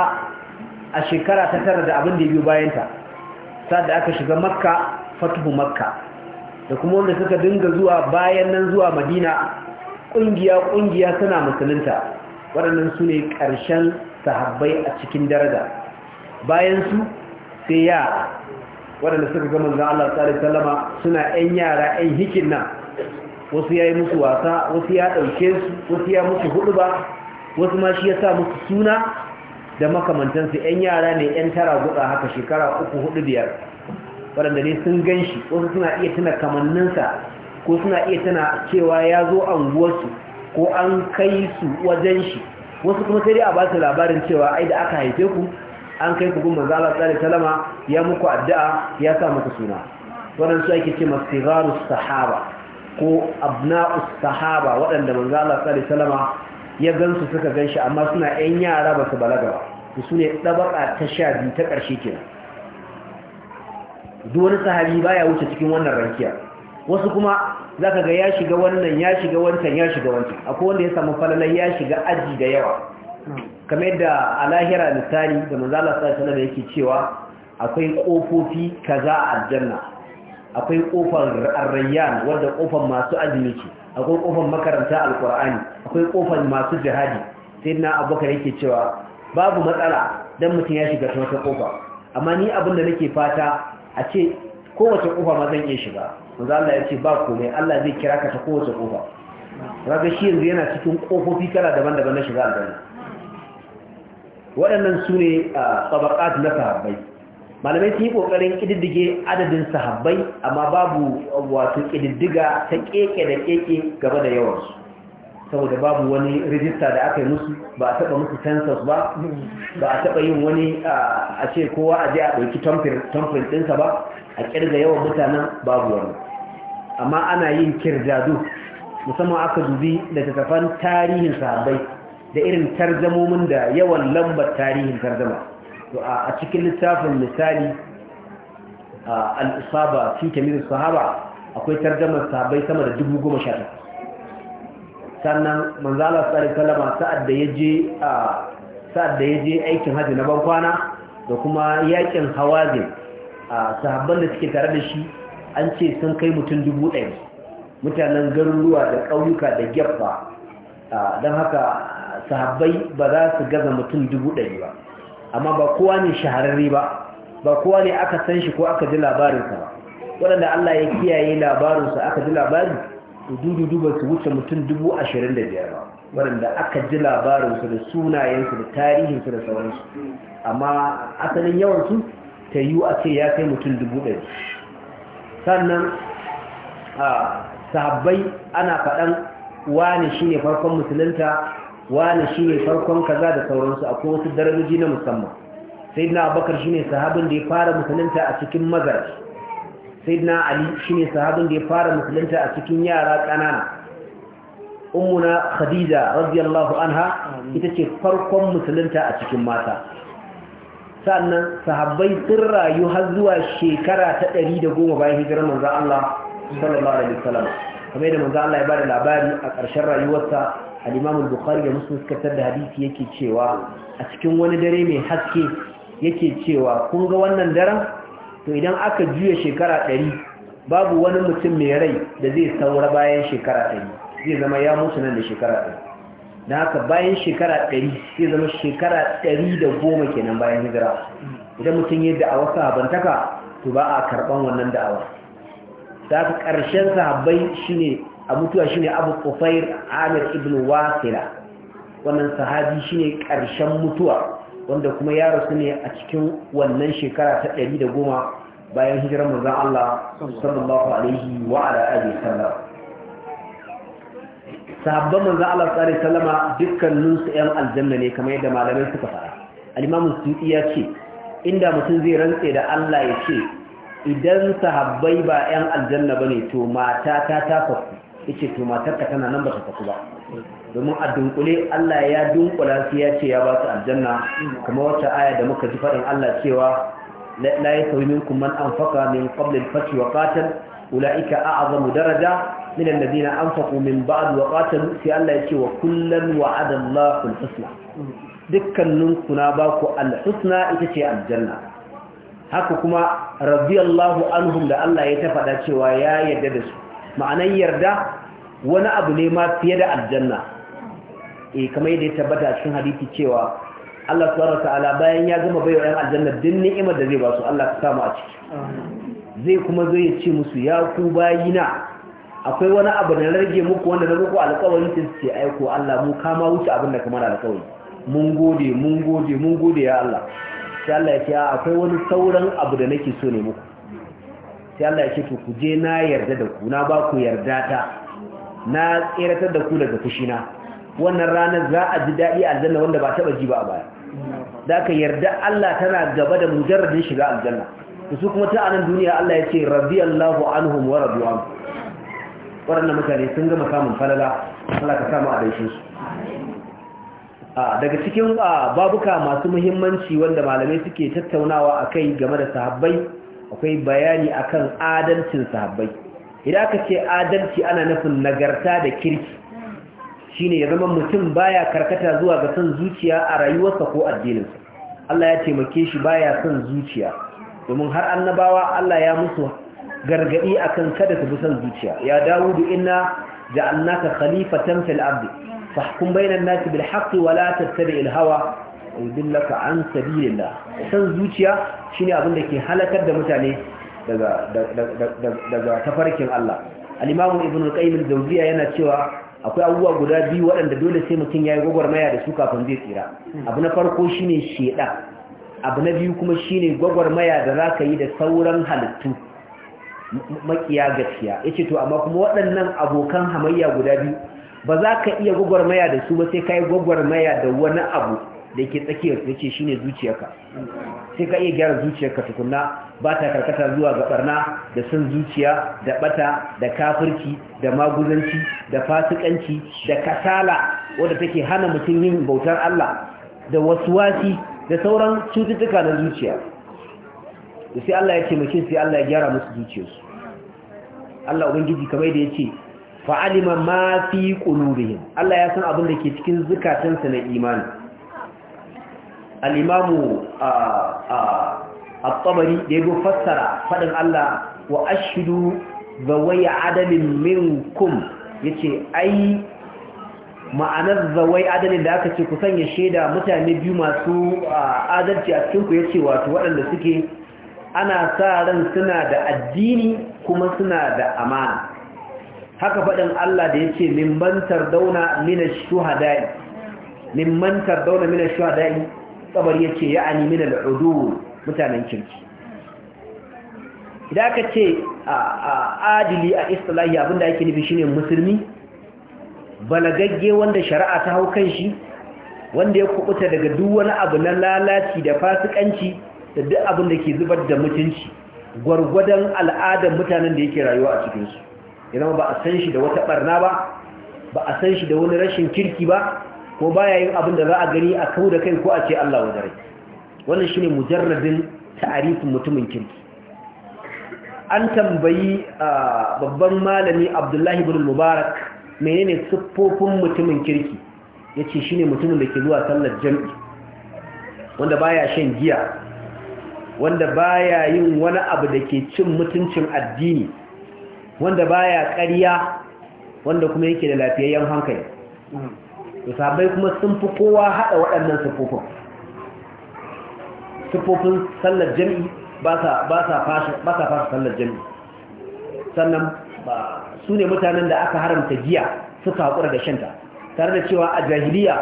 a shekara ta tara da abin da biyu bayanta da aka shiga makka fathu makka da kuma wanda suka dinga zuwa bayan nan zuwa madina ƙungiya-ƙungiya suna musulunta waɗannan su ne ƙarshen sahabbai a cikin daraja bayan su sai yara waɗanda suka ga manzan Allah sallallahu suna 'yan yara 'yan hikin nan wasu ya yi musu wasa wasu ya ɗauke su wasu ya musu hudu ba wasu ma shi ya sa musu suna da makamantansu 'yan yara ne 'yan tara guda haka shekara uku hudu biyar waɗanda ne sun gan shi wasu suna iya tana kamanninsa ko suna iya tana cewa ya zo anguwarsu ko an kai su wajen shi wasu kuma sai dai a basu labarin cewa ai da aka haife ku an kai ku gumman zala tsari salama ya muku addu'a ya sa muku suna waɗansu ake ce masu sahaba ko abna'us sahaba waɗanda manzo Allah sallallahu alaihi wasallam ya gansu suka ganshi amma suna ƴan yara ba su balaga ba su sune dabaka ta sha biyu ta ƙarshe kenan duk wani sahabi baya wuce cikin wannan rankiya wasu kuma zaka ga ya shiga wannan ya shiga wancan ya shiga wancan akwai wanda ya samu falalai ya shiga aji da yawa kamar yadda a lahira misali da manzo Allah sallallahu alaihi wasallam yake cewa akwai kofofi kaza aljanna akwai kofar arrayyan wadda kofar masu azumi ce akwai kofar makaranta alkur'ani akwai kofar masu jihadi sai na abubakar yake cewa babu matsala dan mutum ya shiga wata kofa amma ni abin da nake fata a ce kowace kofa ma zan iya shiga manzo Allah ya ce ba komai Allah zai kira ka ta kowace kofa kaga shi yanzu yana cikin kofofi kala daban-daban na shiga aljanna waɗannan su ne ah, tabaqat na sahabbai malamai sun yi kokarin kididdige adadin sahabbai amma babu wato kididdiga ta keke da keke gaba da yawansu saboda babu wani rijista da aka yi musu ba a taba musu census ba ba a taba yin wani a ce kowa a je a ɗauki tamfin ɗinsa ba a kirga yawan mutanen babu wani amma ana yin kirjadu musamman aka dubi da tattafan tarihin sahabbai da irin tarjamomin da yawan lambar tarihin tarjama a cikin littafin misali al-isaba fi kamil sahaba akwai tarjamar sahabai sama da 1018 sannan manzala sallallahu alaihi wasallam sa'ad da yaje sa'ad da yaje aikin haji na bankwana da kuma yakin hawazin sahabban da suke tare da shi an ce sun kai mutum 1000 mutanen garuruwa da ƙauyuka da gyaffa don haka sahabbai ba za su gaza mutum dubu 1000 ba amma ba kowa ne shahararre ba ba kowa ne aka san shi ko aka ji labarinsa ba waɗanda Allah ya kiyaye labarinsa aka ji labari dudu ba su wuce mutum dubu ashirin da biyar ba waɗanda aka ji labarinsa da sunayensu da tarihinsu da sauransu amma asalin yawansu ta yiwu a ce ya kai mutum dubu ɗari sannan sahabbai ana faɗan wani shi ne farkon musulunta wani shi ne farkon kaza da sauransu a wasu darajoji na musamman sai na abakar shi ne sahabin da ya fara musulunta a cikin mazarci sai na ali shi ne sahabin da ya fara musulunta a cikin yara ƙanana ummuna khadija radiyallahu anha ita ce farkon musulunta a cikin mata sannan sahabbai sun rayu har zuwa shekara ta ɗari da goma bayan hijirar manzo Allah sallallahu alaihi wasallam kamar yadda manzo Allah ya bada labari a ƙarshen rayuwarsa al-imam bukhari da muslim suka tada hadisi yake cewa a cikin wani dare mai haske yake cewa kun ga wannan daren to idan aka juya shekara 100 babu wani mutum mai rai da zai saura bayan shekara 100 zai zama ya mutu nan da shekara 100 dan haka bayan shekara 100 zai zama shekara 110 kenan bayan hijira idan mutum ya wasu sahabantaka to ba a karban wannan da'awa da ƙarshen sahabbai shine a mutuwa shine abu kufair amir ibn wasila wannan sahabi shine karshen mutuwa wanda kuma ya rasu ne a cikin wannan shekara ta 110 bayan hijirar manzon Allah sallallahu alaihi wa ala alihi sallam sahabban manzon Allah sallallahu alaihi wasallama dukkanin su aljanna ne kamar yadda malamai suka fara al-Imam Suyuti ya ce inda mutum zai rantse da Allah ya ce idan sahabbai ba 'yan aljanna ba ne, to mata ta ta yace to matarka tana nan ba ta tafi ba domin a dunkule Allah ya dunkula su ya ce ya ba su aljanna kamar wata aya da muka ji faɗin Allah cewa la yasawi minkum man anfaqa min qabl al-fath wa qatal ulaika a'zamu daraja min alladhina anfaqu min ba'd wa qatalu sai Allah ya ce wa kullan wa'ada Allahu al-husna dukkaninku na ba ku al-husna ita ce aljanna haka kuma radiyallahu anhum da Allah ya ta faɗa cewa ya yarda da su ma'anar yarda wani abu ne ma fiye da aljanna eh kamar yadda ya tabbata a cikin hadisi cewa Allah subhanahu ta'ala bayan ya gama bayar ɗan aljanna din ni'imar da zai ba su Allah ka samu a ciki zai kuma zo ya ce musu ya ku bayina akwai wani abu da rage muku wanda na muku alƙawari sai su ce ai ko Allah mu kama wuce abin da kamar alƙawari mun gode mun gode mun gode ya Allah sai Allah ya ce akwai wani sauran abu da nake so ne muku sai Allah ya ce to ku je na yarda da ku na ba ku yarda ta na tseratar da ku daga fushina wannan ranar za a ji daɗi aljanna wanda ba taɓa ji ba a baya da ka yarda Allah tana gaba da mujarradin shiga aljanna su kuma ta anan duniya Allah ya ce radiyallahu anhum wa radiyallahu anhu waɗannan mutane sun gama samun falala Allah ka samu a su daga cikin babuka masu muhimmanci wanda malamai suke tattaunawa akai game da sahabbai akwai bayani akan adalcin sahabbai idan aka ce adalci ana nufin nagarta da kirki shine ya zama mutum baya karkata zuwa ga son zuciya a rayuwarsa ko addininsa Allah ya taimake shi baya son zuciya domin har annabawa Allah ya musu gargadi akan kada su bi son zuciya ya Dawudu inna ja'alnaka khalifatan fil ardi fahkum bainan nasi bil haqqi wa la tattabi'il hawa yudillaka an sabilillah son zuciya shine abin da ke halakar da mutane daga tafarkin Allah al-imamu ibn al-qayyim al-jawziya yana cewa akwai abubuwa guda biyu waɗanda dole sai mutum yayi gwagwarmaya da su kafin zai tsira abu na farko shine sheda abu na biyu kuma shine gwagwarmaya da zaka yi da sauran halittu makiya gaskiya yace to amma kuma waɗannan abokan hamayya guda biyu ba za ka iya gwagwarmaya da su ba sai ka yi gwagwarmaya da wani abu da ke tsakiyar yace shine zuciyarka sai ka iya gyara zuciyarka tukunna ba ta karkata zuwa ga barna da sun zuciya da bata da kafirci da maguzanci da fasikanci da kasala wadda take hana mutum yin bautar Allah da waswasi da sauran cututtuka na zuciya da sai Allah ya ce mace sai Allah ya gyara musu zuciyarsu Allah ubangiji kamar da yace alima ma fi qulubihim Allah ya san abin da ke cikin zukatansu na imani al-imamu a a tabari da yago fassara faɗin Allah wa ashiru zawai adalin minkum yace ai ma'anar zawai adalin da aka ce ku sanya shaida mutane biyu masu adalci a cikin ku yace wato waɗanda suke ana sa ran suna da addini kuma suna da amana haka faɗin Allah da yace min bantar dauna min ash-shuhada'i min bantar dauna min ash-shuhada'i kabar mutanen kirki idan aka ce a adili a istilahi abinda ake nufi shine musulmi balagagge wanda shari'a ta hau kan shi wanda ya kubuta daga duk wani abu na lalaci da fasikanci da duk abin da ke zubar da mutunci gwargwadon al'adar mutanen da yake rayuwa a cikinsu ya ba a san shi da wata barna ba ba a san shi da wani rashin kirki ba ko baya yin abin da za a gani a kau da kai ko a ce Allah wa rai? wannan shi shine mujarradin ta'arifin mutumin kirki an tambayi babban malami Abdullahi ibn Mubarak menene siffofin mutumin kirki Ya ce shi ne mutumin da ke zuwa sallar jam'i. wanda baya shan giya wanda baya yin wani abu da ke cin mutuncin addini wanda baya ƙarya wanda kuma yake da lafiyayyen hankali mm. to sabai kuma sun fi kowa haɗa waɗannan siffofin tufofin sallar jami'i ba sa fashe sallar jami'i sannan su ne mutanen da aka haramta giya suka haƙura da shanta tare da cewa a jahiliya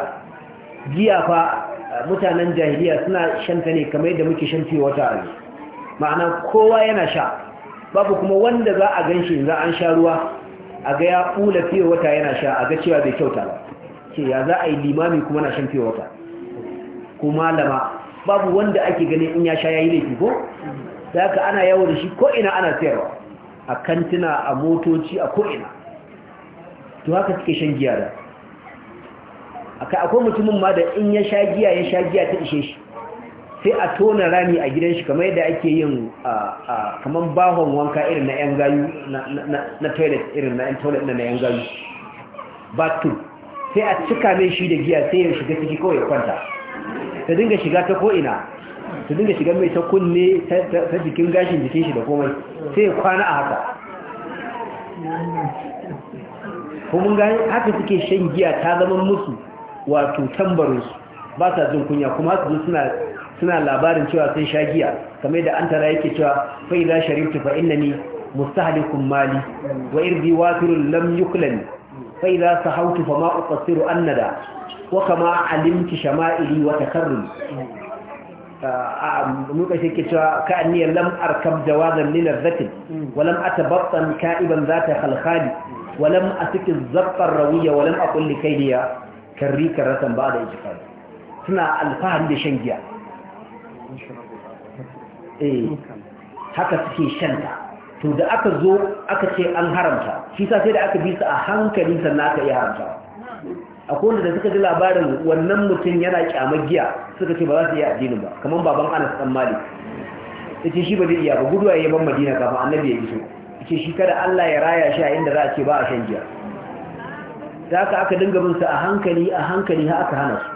giya fa mutanen jahiliya suna shanta ne kamar yadda muke yi wata a ma'ana kowa yana sha babu kuma wanda za a ganshi za an sha ruwa a ga ya ƙula fiye wata yana sha a ga cewa bai kyauta ba ce ya za a yi limami kuma na shan fiye wata ko malama babu wanda ake ganin in ya sha yayi laifi ko da haka ana yawo da shi ko ina ana sayarwa a kantina a motoci a ko ina to haka suke shan giya da akai akwai mutumin ma da in ya sha giya ya sha giya ta ishe shi sai a tona rami a gidan shi kamar yadda ake yin kamar bahon wanka irin na yan gayu na toilet irin na toilet na yan gayu bathroom sai a cika mai shi da giya sai ya shiga ciki kawai ya kwanta ta dinga shiga ta ko'ina ta dinga shiga mai ta kunne ta jikin gashin jikin shi da komai sai ya kwana a haka kuma gani haka suke shan giya ta zama musu wato tambarinsu ba sa jin kunya kuma haka suna suna labarin cewa sun sha giya kamar da an tara yake cewa fa idza sharibtu fa innani mustahlikun mali wa irdi wafirun lam yuklani fa idza sahawtu fa ma uqassiru annada wa kama alimti shama'ili wa takarrumi ah, ah, muka shi ke cewa ka anniyar lam arkab jawazan nina zakin. walam atabattan ka'iban ta halkali. walam a cikin zaffar rawiya walam a kai akulli kaidiya karri karratan ba da ijikar suna alfahari da shan giya eh, haka suke shanta to da aka zo aka ce an haramta shi sa sai da aka bisa a hankali sannan aka iya haramta akwai wanda da suka ji labarin wannan mutum yana kyamar giya suka ce ba za su yi addinin ba kamar baban anas dan malik yace shi ba zai iya ba guduwa ya ban madina kafin annabi ya so. yace shi kada Allah ya raya shi a inda za a ce ba a shan giya da haka aka dinga bin su a hankali a hankali har aka hana su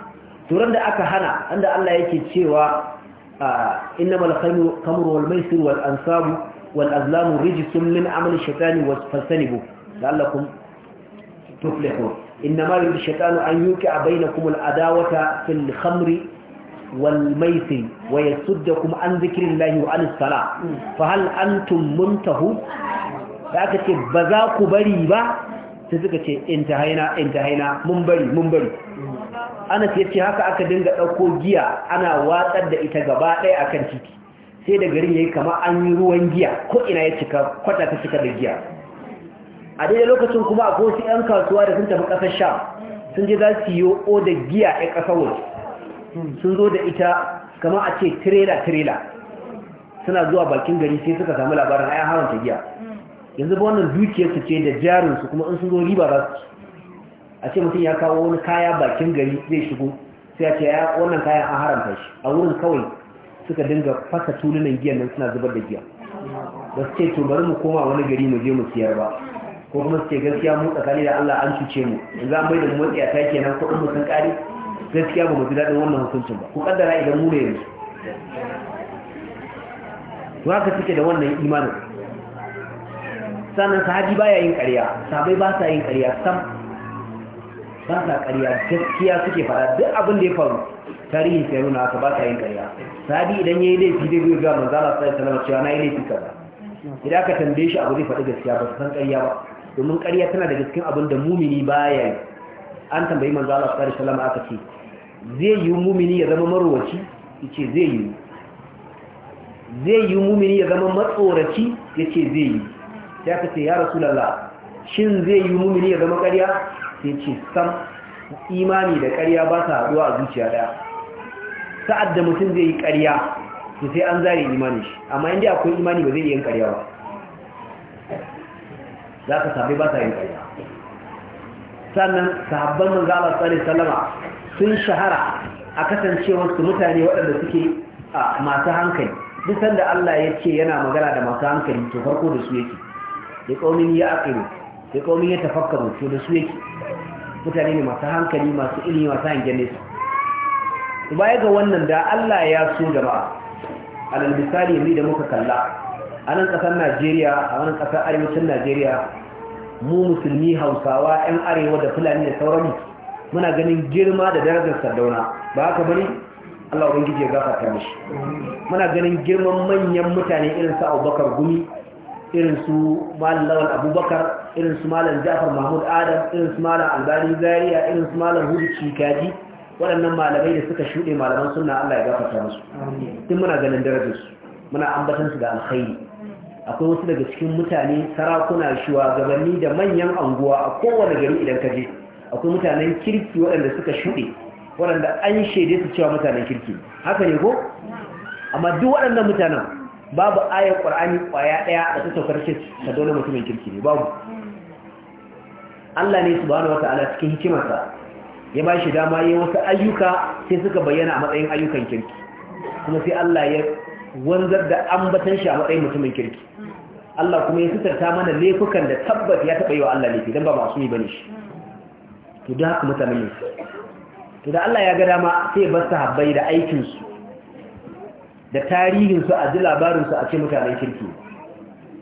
turan da aka hana inda Allah yake cewa innamal khamru khamru wal maisir wal ansabu wal azlamu rijsun min amali shaytani wasfasanibu la'allakum tuflihun إنما يريد الشيطان أن يوقع بينكم العداوة في الخمر والميسر ويصدكم عن ذكر الله وعن الصلاة فهل أنتم منتهون فأكت بذاك بريبا تذكت انتهينا انتهينا منبري منبري أنا سيبتي هكا أكدنغ أكو جيا أنا واتد إتقباء أكن تيكي sai da garin yayi kama an yi ruwan giya ko ina ya cika kwata ta cika da giya a daidai lokacin kuma a wasu 'yan kasuwa da sun tafi ƙasar sha, sun je za su yi o da giya a ƙasar wuce sun zo da ita kama a ce tirela-tirela suna zuwa bakin gari sai suka samu labarin ayan ta giya yanzu ba wannan dukiyarsu ce da jarinsu kuma in sun zo riba za su a ce mutum ya kawo wani kaya bakin gari zai shigo sai a ce wannan kayan an haramta shi a wurin kawai suka dinga fasa tulunan giyan nan suna zubar da giya ba su ce to bari mu koma wani gari mu je mu siyar ba ko kuma suke gaskiya mu tsakani da Allah an cuce mu yanzu an da mu a ta nan kuɗin mu sun kare gaskiya ba mu ji daɗin wannan hukuncin ba ku kaddara idan mu ne yanzu to haka suke da wannan imanin sannan sahabi baya yin ƙarya sahabai ba sa yin ƙarya sam ba sa ƙarya gaskiya suke fara duk abin da ya faru tarihin sai nuna haka ba sa yin ƙarya sahabi idan ya yi laifi zai biyu ga manzala sai salama cewa na yi laifi kaza idan aka tambaye shi abu zai faɗi gaskiya ba su san ƙarya ba domin ƙarya tana daga cikin abin da mumini baya an tambayi manzo Allah sallallahu alaihi wasallam aka ce zai yi mumini ya zama marwaci yace zai yi zai yi mumini ya zama matsoraci yace zai yi sai aka ce ya rasulullah shin zai yi mumini ya zama ƙarya sai ce sam imani da ƙarya ba sa haɗuwa a zuciya ɗaya sa'ad da mutum zai yi ƙarya to sai an zare imanin shi amma inda akwai imani ba zai iya yin ƙarya ba za ka sami ba ta yin ƙarya sannan sahabban manzala tsari salama sun shahara a kasancewar su mutane waɗanda suke masu hankali duk sanda Allah ya ce yana magana da masu hankali to farko da su yake ya ƙaunin ya aƙiru ya ƙaunin ya tafakkaru to da su yake mutane ne masu hankali masu ilimi masu hangen nesa baya ga wannan da Allah ya so gaba alal misali yanzu da muka kalla a nan ƙasar najeriya a wani ƙasar arewacin najeriya mu musulmi hausawa 'yan arewa da fulani da sauran muna ganin girma da darajar sardauna ba haka bane allah ubangiji ya gafarta mishi muna ganin girman manyan mutane irin su abubakar gumi irin su malam lawal abubakar irin su malam jafar mahmud adam irin su malam albani zaria irin su malam hudu Kikaji, waɗannan malamai da suka shuɗe malaman sunna Allah ya gafarta musu tun muna ganin darajarsu muna ambatan su da alkhairi akwai wasu daga cikin mutane sarakuna shugabanni da manyan anguwa a kowane gari idan ka je akwai mutanen kirki waɗanda suka shuɗe waɗanda an shaide su cewa mutanen kirki haka ne ko amma duk waɗannan mutanen babu ayar ƙwar'ani ƙwaya ɗaya a ta saukar ce dole mutumin kirki ne babu Allah ne subhanahu Ta'ala cikin hikimarsa ya ba shi dama yi wasu ayyuka sai suka bayyana a matsayin ayyukan kirki kuma sai Allah ya wanzar da ambatan shi a matsayin mutumin kirki Allah kuma ya sitarta mana laifukan da tabbat ya taba yi wa Allah laifi don ba masu yi bane shi to da haka mutane ne to da Allah ya ga dama sai su sahabbai da aikinsu da tarihinsu a ji labarinsu a ce mutanen kirki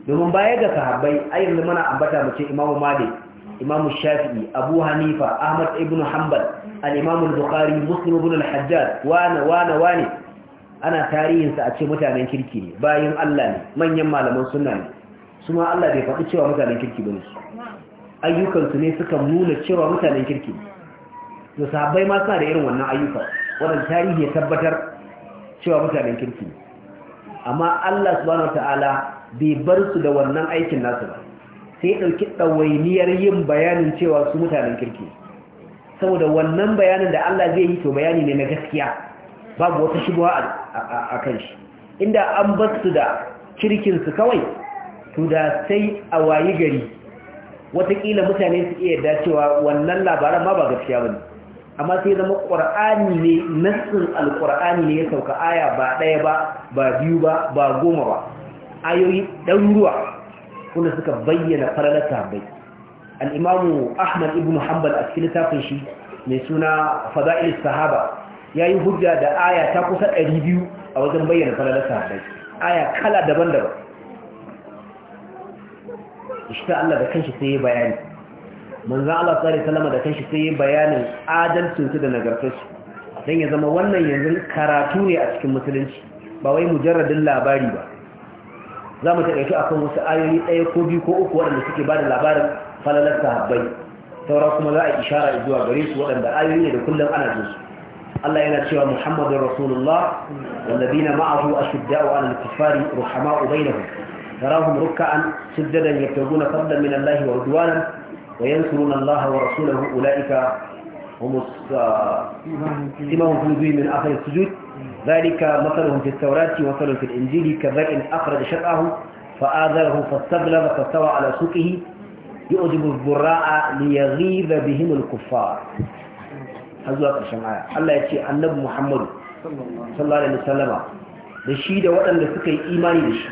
domin baya ga sahabbai a yanzu mana ambata mu imamu malik imamu shafi'i abu hanifa ahmad ibn hanbal al imam al-bukhari muslim ibn al-hajjaj wane wa ne. ana tarihinsa a ce mutanen kirki ne bayan Allah ne manyan malaman sunna ne su ma Allah bai faɗi cewa mutanen kirki ba ne su ayyukansu ne suka nuna cewa mutanen kirki ne to sahabbai ma suna da irin wannan ayyuka wannan tarihi ya tabbatar cewa mutanen kirki ne amma Allah subhanahu wataala bai bar su da wannan aikin nasu ba sai dauki ɗawainiyar yin bayanin cewa su mutanen kirki saboda wannan bayanin da Allah zai yi to bayani ne na gaskiya babu wata shubuha a kan shi inda an basu da kirkinsu kawai to da sai a wayi gari watakila mutane su iya dacewa wannan labaran ma ba gaskiya ba ne amma sai zama ƙwar'ani ne nassin alƙwar'ani ne ya sauka aya ba ɗaya ba ba biyu ba ba goma ba ayoyi ruwa. Kuna suka bayyana faralar al al'imamu ahmad ibn hanbal a cikin littafin shi mai suna fada'il sahaba ya yi hujja da aya ta kusa 200 a wajen bayyana falalar sahabai aya kala daban-daban shi Allah da kanshi sai ya bayani manzan Allah tsari salama da kanshi sai ya bayanin adalcinsu da nagartarsu don ya zama wannan yanzu karatu ne a cikin musulunci ba wai mujarradin labari ba za mu a akan wasu ayoyi ɗaya ko biyu ko uku waɗanda suke ba da labarin falalar sahabbai saura kuma za a ishara zuwa gare su waɗanda ayoyi ne da kullum ana jinsu الله إلى سوى محمد رسول الله والذين معه أشداء على الكفار رحماء بينهم تراهم ركعا سجدا يبتغون فضلا من الله وعدوانا وينصرون الله ورسوله أولئك هم سمهم في من آخر السجود ذلك مثلهم في التوراة وصلهم في الإنجيل كذلك أخرج شرعه فآذره فاستغلب فاستوى على سوقه يؤذب الضراء ليغيب بهم الكفار har zuwa ƙarshen aya Allah ya ce annabi Muhammadu sallallahu alaihi wasallama da shi da waɗanda suka yi imani da shi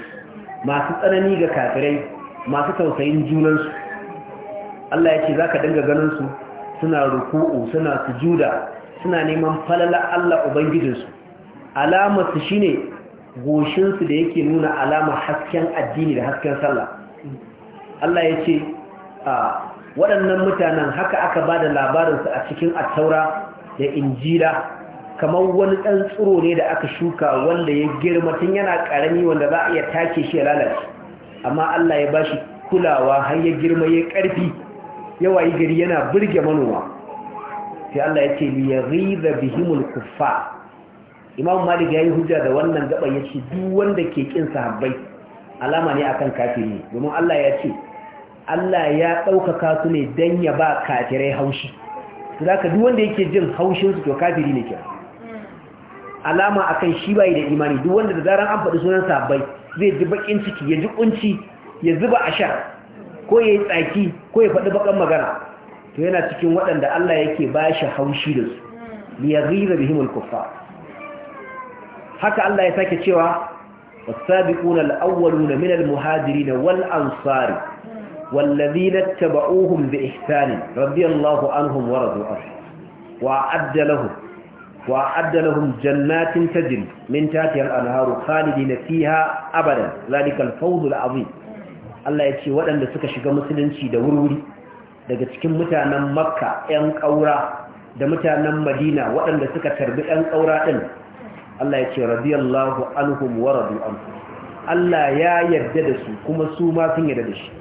masu tsanani ga kafirai masu tausayin junansu Allah ya ce za ka dinga ganinsu suna ruku'u suna sujuda suna neman falala Allah ubangijin alama alamarsu shine ne goshinsu da yake nuna alama hasken addini da hasken sallah Allah ya ce ah, waɗannan mutanen haka aka ba da labarinsu a cikin attaura da injira. kamar wani ɗan tsiro ne da aka shuka wanda ya girma tun yana ƙarami wanda za a iya take shi ya lalace amma Allah ya ba shi kulawa har ya girma ya ƙarfi yawa yi gari yana birge manoma sai Allah ya ce ya riza bihimul kuffa imam malik ya yi hujja da wannan gaban ya ce duk wanda ke ƙin sahabbai alama ne akan kafiri domin Allah ya ce Allah ya ɗaukaka su ne don ya ba kafirai haushi su za ka duk wanda yake jin haushinsu to kafiri ne kira alama a kan shi bai da imani duk wanda da zarar an faɗi sunan sabai zai ji bakin ciki ya ji kunci ya zuba a sha ko ya yi tsaki ko ya faɗi bakan magana to yana cikin waɗanda Allah yake ba shi haushi da su liya ghira bihim kuffa. kuffar haka Allah ya sake cewa was-sabiquna al-awwaluna min al-muhajirin wal-ansari والذين اتبعوهم بإحسان رضي الله عنهم ورضوا عنه وأعد لهم وأعد لهم جنات تجري من تحتها الأنهار خالدين فيها أبدا ذلك الفوز العظيم Allah ya ce waɗanda suka shiga musulunci da wurwuri daga cikin mutanen makka 'yan ƙaura da mutanen madina waɗanda suka tarbi 'yan ƙaura ɗin Allah ya ce radiyallahu anhum wa radu anhu Allah ya yarda da su kuma su ma sun yarda da shi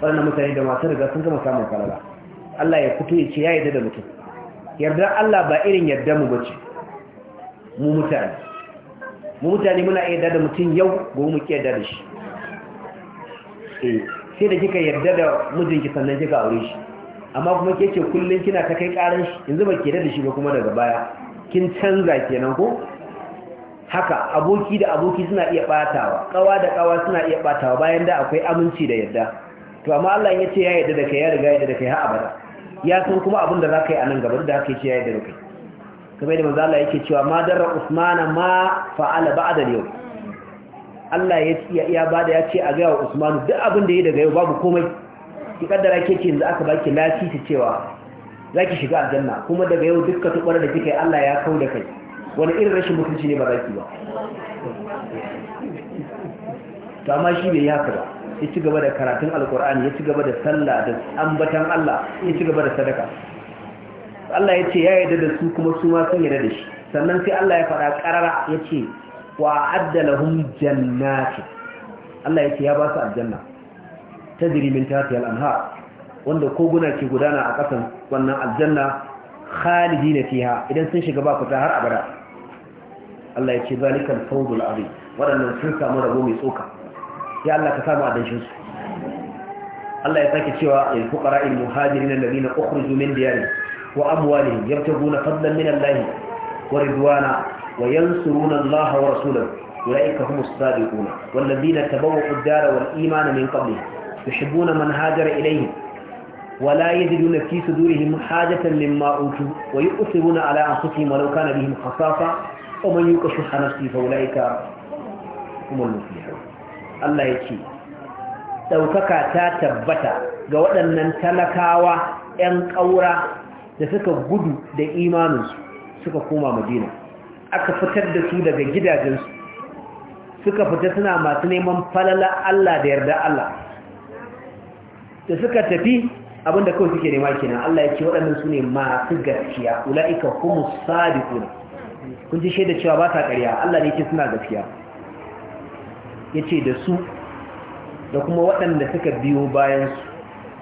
wannan mutane da masu riga sun gama samun falala Allah ya fito ya ce ya yarda da mutum yarda Allah ba irin yarda mu ba ce, mu mutane mu mutane muna yarda da mutum yau gobe mu yarda da shi eh sai da kika yarda da mijinki sannan kika aure shi amma kuma ke ce kullum kina ta kai karin shi yanzu ba ke da shi ba kuma daga baya kin canza kenan ko haka aboki da aboki suna iya batawa kawa da kawa suna iya batawa bayan da akwai aminci da yarda to amma Allah ya ce ya yarda da kai ya riga ya yarda da kai har abada ya san kuma abin da ka yi a nan gaba da haka ya ce ya yarda da kai kamar yadda manzo Allah yake cewa ma darra Usman ma fa'ala ba'da yau Allah ya ya bada ya ce a ga wa Usman duk abin da yi daga yau babu komai ki kaddara ce yanzu aka baki ta cewa zaki shiga aljanna kuma daga yau dukkan tubar da kike Allah ya kau da kai wani irin rashin mutunci ne ba zaki ba to amma shi bai yi haka ba ya ci gaba da karatun alkur'ani ya ci gaba da sallah da ambatan Allah ya ci gaba da sadaka Allah ya ce ya yarda da su kuma su ma sun yarda da shi sannan sai Allah ya faɗa ƙarara ya ce wa adda lahum jannati Allah ya ce ya ba su aljanna tajri min tahtiha al-anhar wanda koguna ke gudana a ƙasan wannan aljanna khalidina fiha idan sun shiga ba fita har abada Allah ya ce zalikal fawzul azim waɗannan sun samu rabo mai tsoka ya Allah ka samu adashin su Allah ya sake cewa lil fuqara al muhajirin alladhina ukhriju min diyarihim wa amwalihim yabtaguna fadlan min Allah wa ridwana wa yansuruna Allah wa rasulahu ulaika humus sadiqun wal ladina tabawwa'u ad-dara wal imana min qablihim yuhibbuna man hajara ilayhim ولا يجدون في صدورهم حاجة مما أوتوا ويؤثرون على أنفسهم ولو كان بهم خصاصة ومن يوق شح نفسه فأولئك هم المفلحون Allah ya ce ɗaukaka ta tabbata ga waɗannan talakawa 'yan ƙaura da suka gudu da imaninsu suka koma madina aka fitar da su daga gidajensu suka fita suna masu neman falala Allah da yarda Allah da suka tafi abinda kawai suke nema kenan Allah ya ce waɗannan su ne masu gaskiya ula'ika kuma sadiquna kun ji shaida cewa ba ta ƙarya Allah ne yake suna gaskiya yace da su da kuma waɗanda suka biyo bayansu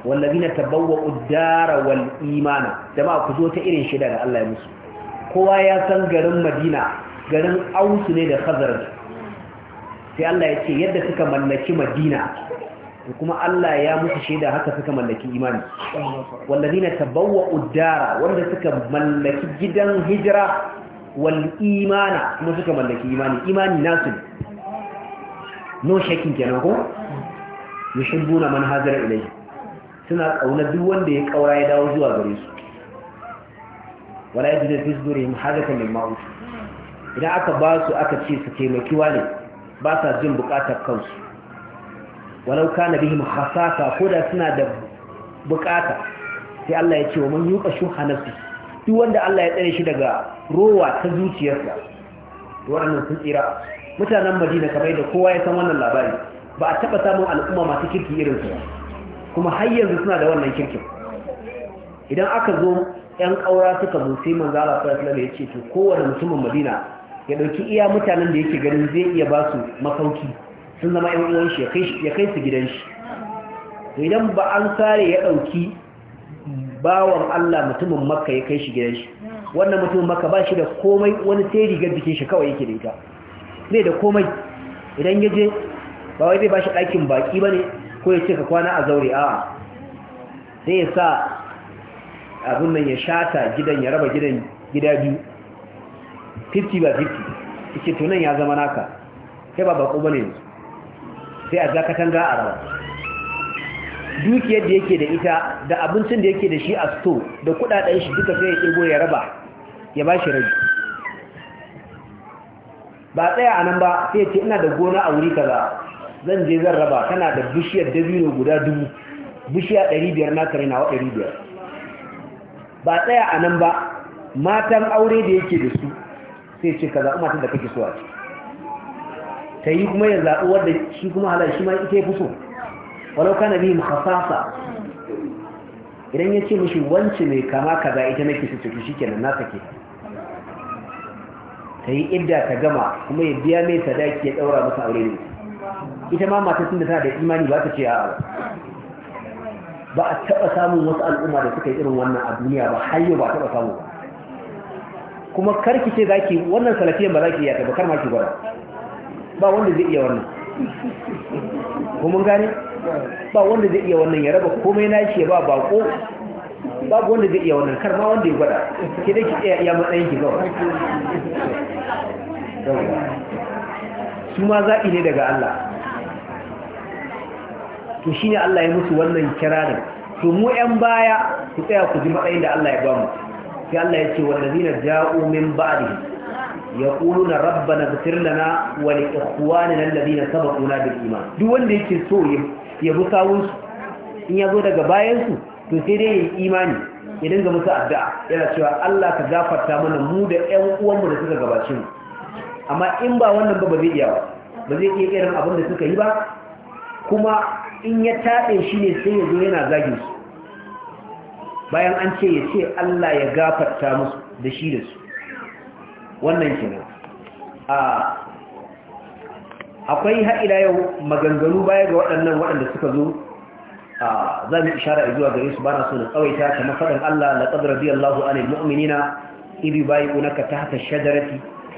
su wallazina tabawwa'u dara wal imana jama'a ku zo ta irin shida da Allah ya musu kowa ya san garin Madina garin Ausu ne da Khazraj sai Allah ya ce yadda suka mallaki Madina kuma Allah ya musu shaida haka suka mallaki imani wallazina tabawwa'u dara wanda suka mallaki gidan hijira wal imana kuma suka mallaki imani imani nasu ne no shakin kenan ko yuhibbuna man hajara ilayhi suna kauna duk wanda ya kaura ya dawo zuwa gare su wala yajidu fi sudurihim hajatan mimma utu idan aka ba su aka ce su taimaki wani ba sa jin bukatar kansu walau kana bihim khasasa ko da suna da bukata sai Allah ya ce wa man yuqa shuha nafsi duk wanda Allah ya tsare shi daga rowa ta zuciyarsa to wannan sun tsira mutanen madina kamar da kowa ya san wannan labari ba a taba samun al'umma masu kirki irin su kuma har yanzu suna da wannan kirkin idan aka zo yan kaura suka zo sai manzo Allah sallallahu alaihi ya ce to kowane mutumin madina ya dauki iya mutanen da yake ganin zai iya ba su makauki sun zama ƴan uwan shi ya kai su gidan shi to idan ba an sare ya dauki bawan Allah mutumin makka ya kai shi gidan shi wannan mutumin makka ba shi da komai wani sai rigar jikin shi kawai yake da ita bai da komai idan ya je ba wai zai ba shi ɗakin baƙi ba ne ko ya ce ka kwana a zaure a sai ya sa abin nan ya shata gidan ya raba gidan gida biyu 50 ba 50 ike tunan ya zama naka sai ba bako ba ne. sai a zakatan ga a raba dukiyar da yake da ita da abincin da yake da shi a sto da kudaden shi duka sai ya kirgo ya raba ya ba shi rabi ba tsaya a nan ba sai ce ina da gona a wuri kaza zan je zan raba tana da bishiyar dabino guda dubu bishiya ɗari biyar na kare nawa ɗari biyar ba tsaya a nan ba matan aure da yake da su sai ce kaza umar matan da kake so a ce ta yi kuma ya zaɓi wadda shi kuma halar shi ma ita ya fi so walau kana mu hasasa idan ya ce mashi wance mai kama kaza ita nake su ciki shi kenan na sake ta yi idda ta gama kuma ya biya mai sadaki ya daura masa aure ne ita ma mata sun da ta da imani ba ta ce a'a ba a taɓa samun wasu al'umma da suka yi irin wannan a duniya ba har yau ba a taɓa samu ba kuma karki ce za ki wannan salafiyan ba za ki yata ba kar ma ki gwada ba wanda zai iya wannan kuma gane ba wanda zai iya wannan ya raba komai na shi ya ba bako babu wanda zai iya wannan kar ma wanda ya gwada ke dai ki iya iya matsayin ki gawa su ma ne daga Allah to shine Allah ya musu wannan kirarin to mu 'yan baya ku tsaya ku ji matsayin da Allah ya ba mu sai Allah ya ce wallazina ja'u min ba'dihi يقولون ربنا اغفر لنا ولإخواننا الذين سبقونا بالإيمان دو wanda yake so ya bi sawun su in yazo daga bayan su to sai dai yin imani idan ga musu addu'a yana cewa Allah ka gafarta mana mu da 'yan uwanmu da suka gabace mu amma in ba wannan ba ba zai iya ba ba zai iya irin abin da suka yi ba kuma in ya taɗe shi ne sai ya zo yana zagin su bayan an ce ya ce Allah ya gafarta musu da shi da su wannan kenan a akwai haɗila yau maganganu baya ga waɗannan waɗanda suka zo za mu ishara zuwa gare su bana su da tsawaita kamar faɗin Allah laqad radiyallahu anil mu'minina idh yubayyi'unaka tahta ash-shajarati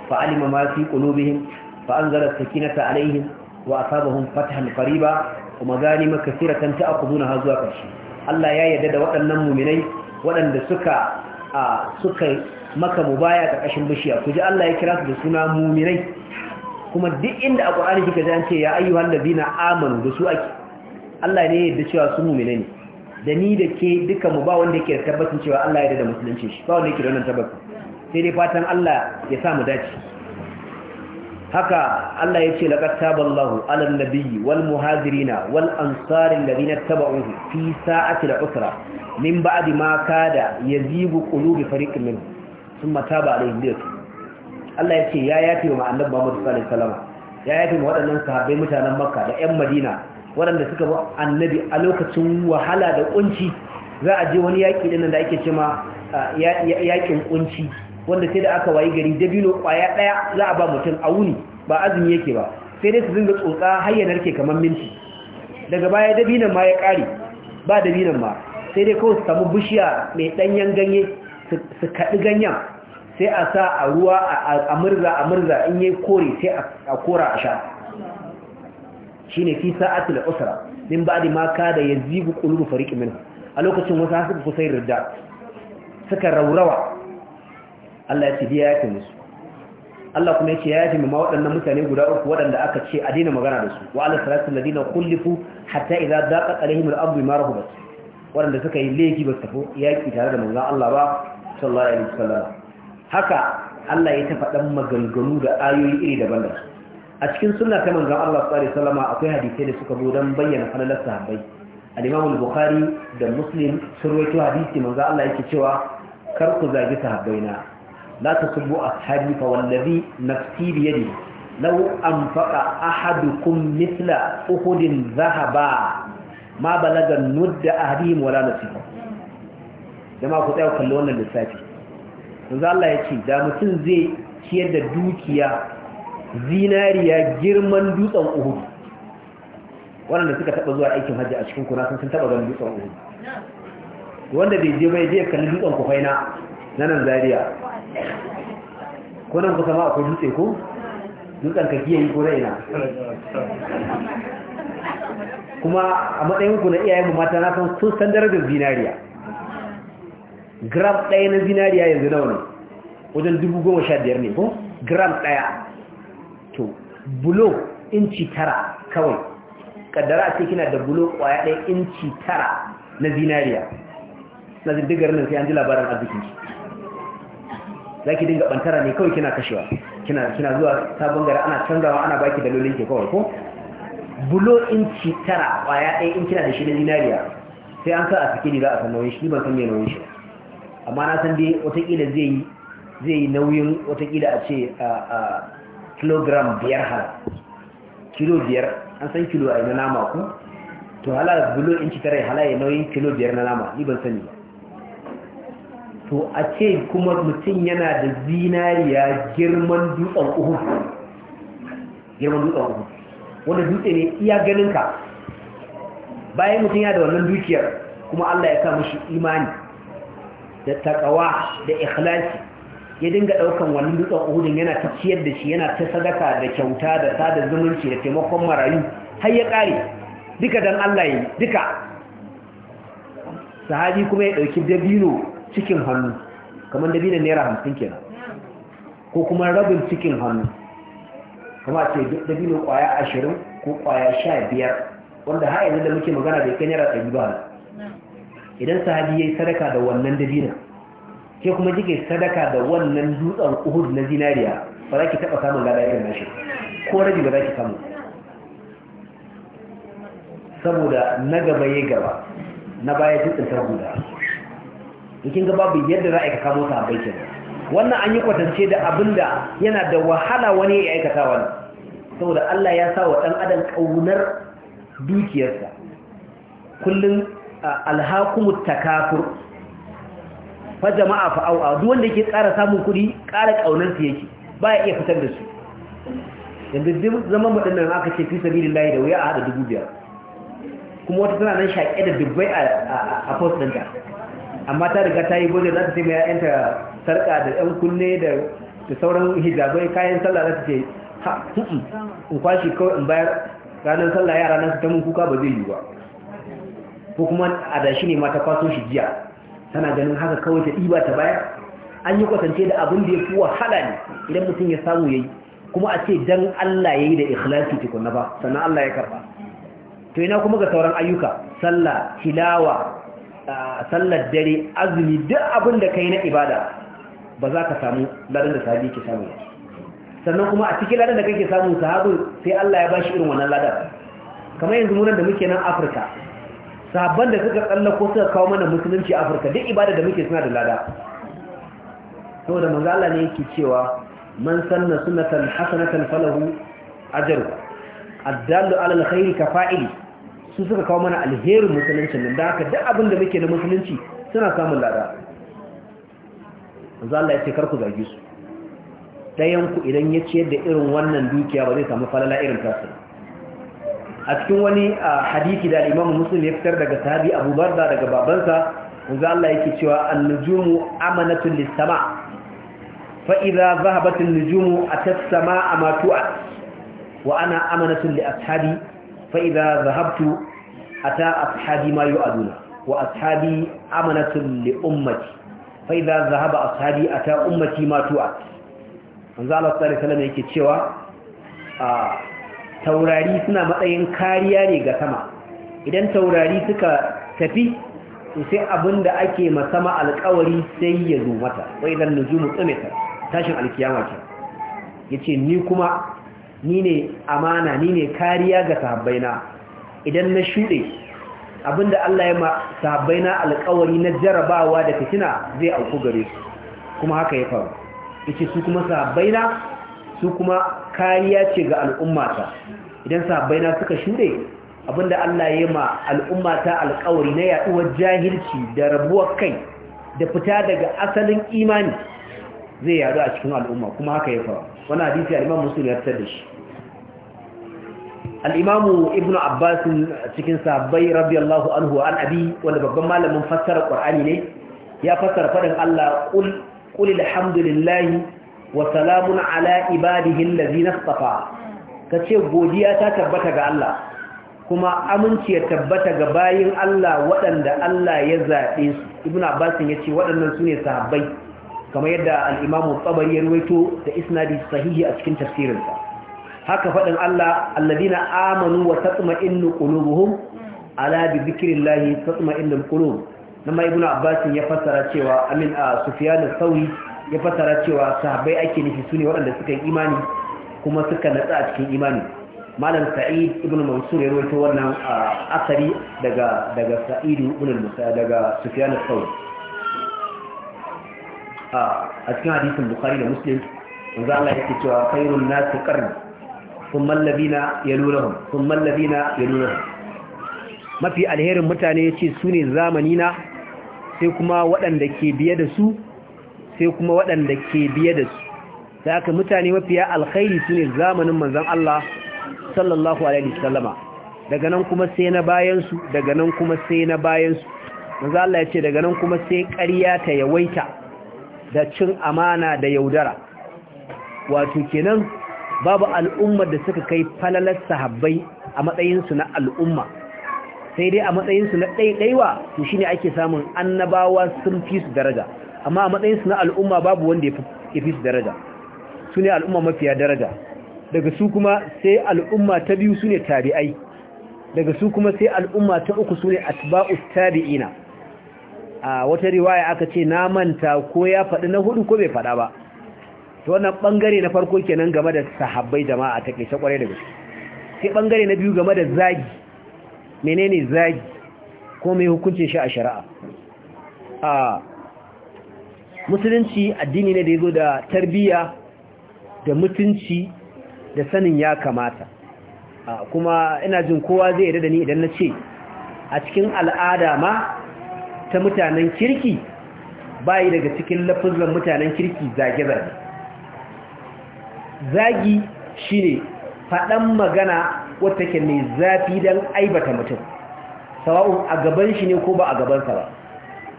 fa'alima ma fi qulubihim fa'anzala as-sakinata 'alayhim wa asabahum fathan qariba kuma ganima kaseeratan ta'khuduna zuwa ƙarshe Allah ya yarda da waɗannan mu'minai waɗanda suka suka maka mubaya ƙarƙashin bishiya kuje Allah ya kira su da suna mu'minai kuma duk inda a ƙurani kika ji an ce ya ayyuhallazina amanu da su ake Allah ne yadda cewa sun mumine ne da ni da ke duka mu ba wanda yake da tabbacin cewa Allah ya da musulunci shi ba wanda yake da wannan tabbacin sai dai fatan Allah ya sa mu dace haka Allah ya ce laqad taballahu 'alan nabiyyi wal muhajirina wal ansari alladhina tabauhu fi sa'ati al-usra min ba'di ma kada yazibu qulubi fariqin min thumma taba 'alayhim liyatubu Allah ya ce ya yafe wa annabi Muhammad sallallahu alaihi wasallam ya yafe wa waɗannan sahabbai mutanen Makka da ƴan Madina waɗanda suka bi annabi a lokacin wahala da ƙunci, za a je wani yaƙi ɗin da ake cema yaƙin ƙunci, wanda sai da aka wayi gari dabino ƙwaya ɗaya za a ba mutum a wuni ba azumi yake ba sai dai su zinga tsotsa hayyanar ke kamar minti daga baya dabinan ma ya ƙare ba dabinan ma sai dai kawai su samu bishiya mai ɗanyen ganye su kaɗi ganyen sai a sa a ruwa a murza a murza in yi kore sai a kora a sha shine fi sa'atil usra min ba'di ma kada yazibu qulubu fariqin minhum a lokacin wasa hasu ku sai ridda suka raurawa Allah ya ce biya ya musu Allah kuma ya ce ya yi ma waɗannan mutane guda uku waɗanda aka ce a daina magana da su wa ala salatu ladina kullifu hatta idza daqat alaihim al-ardu bima rahabat waɗanda suka yi laifi ba su tafi yaki tare da manzon Allah ba sallallahu alaihi wasallam haka Allah ya ta faɗan maganganu da ayoyi iri daban-daban a cikin sunna ta manzan Allah sallallahu alaihi akwai hadisi da suka zo don bayyana falalar sahabbai a limamul bukhari da Muslim sun rawaito hadisi manzan Allah yake cewa kar ku zagi sahabbaina la tasubbu ashabi fa wallazi nafsi bi yadi law anfaqa ahadukum mithla uhudin dhahaba ma balaga nudda ahadihim wala nasifa jama'a ku tsaya kallon wannan lissafi manzon Allah yake da mutum zai ciyar da dukiya zinariya girman dutsen uhud wanda suka taba zuwa aikin hajji a cikin kuna sun taba ganin dutsen uhud wanda bai je bai je kalli dutsen kufaina na nan zariya ko nan kusa ma akwai dutse ko dutsen ka kiyaye ko raina kuma a matsayin ku na iyayen mata na san sun san darajar zinariya gram ɗaya na zinariya yanzu nawa ne wajen dubu goma sha biyar ne ko gram ɗaya bulo inci tara kawai kaddara sai ce kina da bulo kwaya ɗaya inci tara na zinariya na zindigar nan sai an ji labarin arzikin shi za ki dinga ɓantara ne kawai kina kashewa kina zuwa sabon gara ana canzawa ana baki da lolin ke kawai ko bulo inci tara kwaya ɗaya in kina da shi na zinariya sai an sa a ni za a san nauyin shi ban san me nauyin shi amma na san dai watakila zai yi nauyin watakila a ce kilogram biyar hala kilo biyar an san kilo a na nama ku to hala bulo ci tare hala ya nauyin kilo biyar na nama ni ban sani to a ce kuma mutum yana da zinariya girman dutsen uhud girman dutsen wanda dutse ne iya ganin ka bayan mutum yana da wannan dukiyar kuma Allah ya sa mashi imani da takawa da ikhlasi ya dinga daukan wannan dutsen uhudin yana ta ciyar da shi yana ta sadaka da kyauta da sada zumunci da taimakon marayu har ya kare duka dan Allah yi duka sahabi kuma ya dauki dabino cikin hannu kamar dabinon naira hamsin kenan ko kuma rabin cikin hannu kuma ce dabino kwaya 20 ko kwaya 15 wanda har yanzu da muke magana bai kai naira ɗari ba idan sahabi yayi sadaka da wannan dabino ke kuma kike sadaka da wannan dutsen uhud na zinariya ba za ki taɓa samun lada irin nashi ko rabi ba za ki samu saboda na gaba ya gaba na baya dutsen ta guda kin ga babu yadda za a yi kamo ta bai kenan wannan an yi kwatance da abinda yana da wahala wani ya aikata wani saboda Allah ya sa wa ɗan adam ƙaunar dukiyarsa kullum ta takafur fa jama'a fa au'a duk wanda yake ƙara samun kuɗi ƙara ƙaunar su yake ba ya iya fitar da su yanzu duk zaman nan aka ce fi sabilillahi da wuya a haɗa dubu biyar kuma wata tana nan shaƙe da dubbai a post ɗinta amma ta riga ta yi gode za ta ce mai ‘ya'yanta sarƙa da ‘yan kunne da sauran hijabai kayan sallah za ta ce ha hmm, in kwashe kawai in bayar ranar sallah yara nan su ta mun kuka ba zai yi ba ko kuma a da shi ne ta kwaso shi jiya tana ganin haka kawai ta ɗiba ta baya an yi kwatance da abin da ya fi wahala ne idan mutum ya samu ya yi kuma a ce dan Allah ya yi da ikhlasi tukunna ba sannan Allah ya karba to ina kuma ga sauran ayyuka sallah tilawa sallar dare azumi duk abin da kai na ibada ba za ka samu ladan da sahabi ke samu sannan kuma a cikin ladan da kake samu sahabi sai Allah ya bashi irin wannan ladan kamar yanzu munan da muke nan Afirka sabon da suka tsallako suka kawo mana musulunci a afirka duk ibada da muke suna da lada saboda da Allah ne yake cewa man sanna na hasanatan falahu ajru addallu ala alkhairi kafa'ili su suka kawo mana alherin musulunci nan da haka duk abin da muke na musulunci suna samun lada manzo ya ce kar ku zage su dayan ku idan ya ciyar da irin wannan dukiya ba zai samu falala irin tasiri a cikin wani hadisi da imam muslim ya fitar daga sahabi abu barda daga babansa wanzu Allah yake cewa annujumu amanatun lissama fa idza zahabat annujumu atat samaa ma tu'at wa ana amanatun li ashabi fa idza zahabtu ata ashabi ma yu'aduna wa ashabi amanatun li ummati fa idza zahaba ashabi ata ummati ma tu'at wanzu Allah sallallahu alaihi wasallam yake cewa taurari suna matsayin kariya ne ga sama idan taurari suka tafi sai abin da ake sama alkawari sai ya zo mata wai zan nujumu tsameta tashin alkiyama Ya yace ni kuma ni ne amana ni ne kariya ga sahabbaina idan na shuɗe abinda Allah ya ma sahabbaina alkawari na jarabawa da fitina zai auku gare su kuma haka ya faru yace su kuma sahabbaina su kuma kariya ce ga al'ummata idan na suka shure abinda Allah ya yi ma al'ummata alƙawari na yaduwar jahilci da rabuwar kai da fita daga asalin imani zai yadu a cikin al'umma kuma haka ya fara wannan hadisi al-Imam ya da shi alimamu ibnu Ibn Abbas cikin sahabbai radiyallahu anhu an abi wanda babban malamin fassara Qur'ani ne ya fassara faɗin Allah qul alhamdulillahi wa salamun ala zina safa Ka ce godiya ta tabbata ga Allah kuma aminci ya tabbata ga bayin Allah waɗanda Allah ya zaɓe. su ibnu ya ce waɗannan sune sahabbai kamar yadda al-imamu ya ruwaito da isnadi sahihi a cikin tafsirinsa haka faɗin Allah allazina amanu wa tatma'innu qulubuhum ala bi dhikrillahi tatma'innul qulub nan nama ibnu abbas ya fassara cewa amin a sufyan al ya fassara cewa sahabbai ake nufi su ne waɗanda suka yi imani kuma suka natsa a cikin imani malam sa'id ibn mansur ya rawaito wannan asari daga daga sa'id ibn musa daga sufyan al-thawri a cikin hadisin bukhari da muslim manzo Allah yake cewa khairun nas qarni thumma alladhina yalunhum thumma alladhina yalunhum mafi alherin mutane yace sune zamani na sai kuma waɗanda ke biye da su sai kuma waɗanda ke biye da su da aka mutane mafiya alkhairi su ne zamanin manzan Allah sallallahu alaihi wasallama daga nan kuma sai na bayansu daga nan kuma sai na bayansu manzan Allah ya ce daga nan kuma sai ƙarya ta yawaita da cin amana da yaudara wato kenan babu al'ummar da suka kai falalar sahabbai a matsayinsu na al'umma sai dai a matsayinsu na ɗaiɗaiwa to shine ake samun annabawa sun fi su daraja amma a matsayinsu na al'umma babu wanda ya fi daraja su ne al'umma mafiya daraja daga su kuma sai al'umma ta biyu su ne tabi'ai daga su kuma sai al'umma ta uku su ne atba'us tabi'ina a wata riwaya aka ce na manta ko ya faɗi na hudu ko bai faɗa ba to wannan ɓangare na farko kenan game da sahabbai jama'a ta ƙeshe ƙwarai da gaske sai ɓangare na biyu game da zagi menene zagi ko mai hukuncin shi a shari'a musulunci addini ne da ya zo da tarbiyya da mutunci da sanin ya kamata kuma ina jin kowa zai yarda da ni idan na ce a cikin al'ada ma ta mutanen kirki bayi daga cikin lafizan mutanen kirki zage-zage zagi shi ne faɗan magana wata ke mai zafi don aibata mutum sawa'un a gaban shi ne ko ba a gabansa ba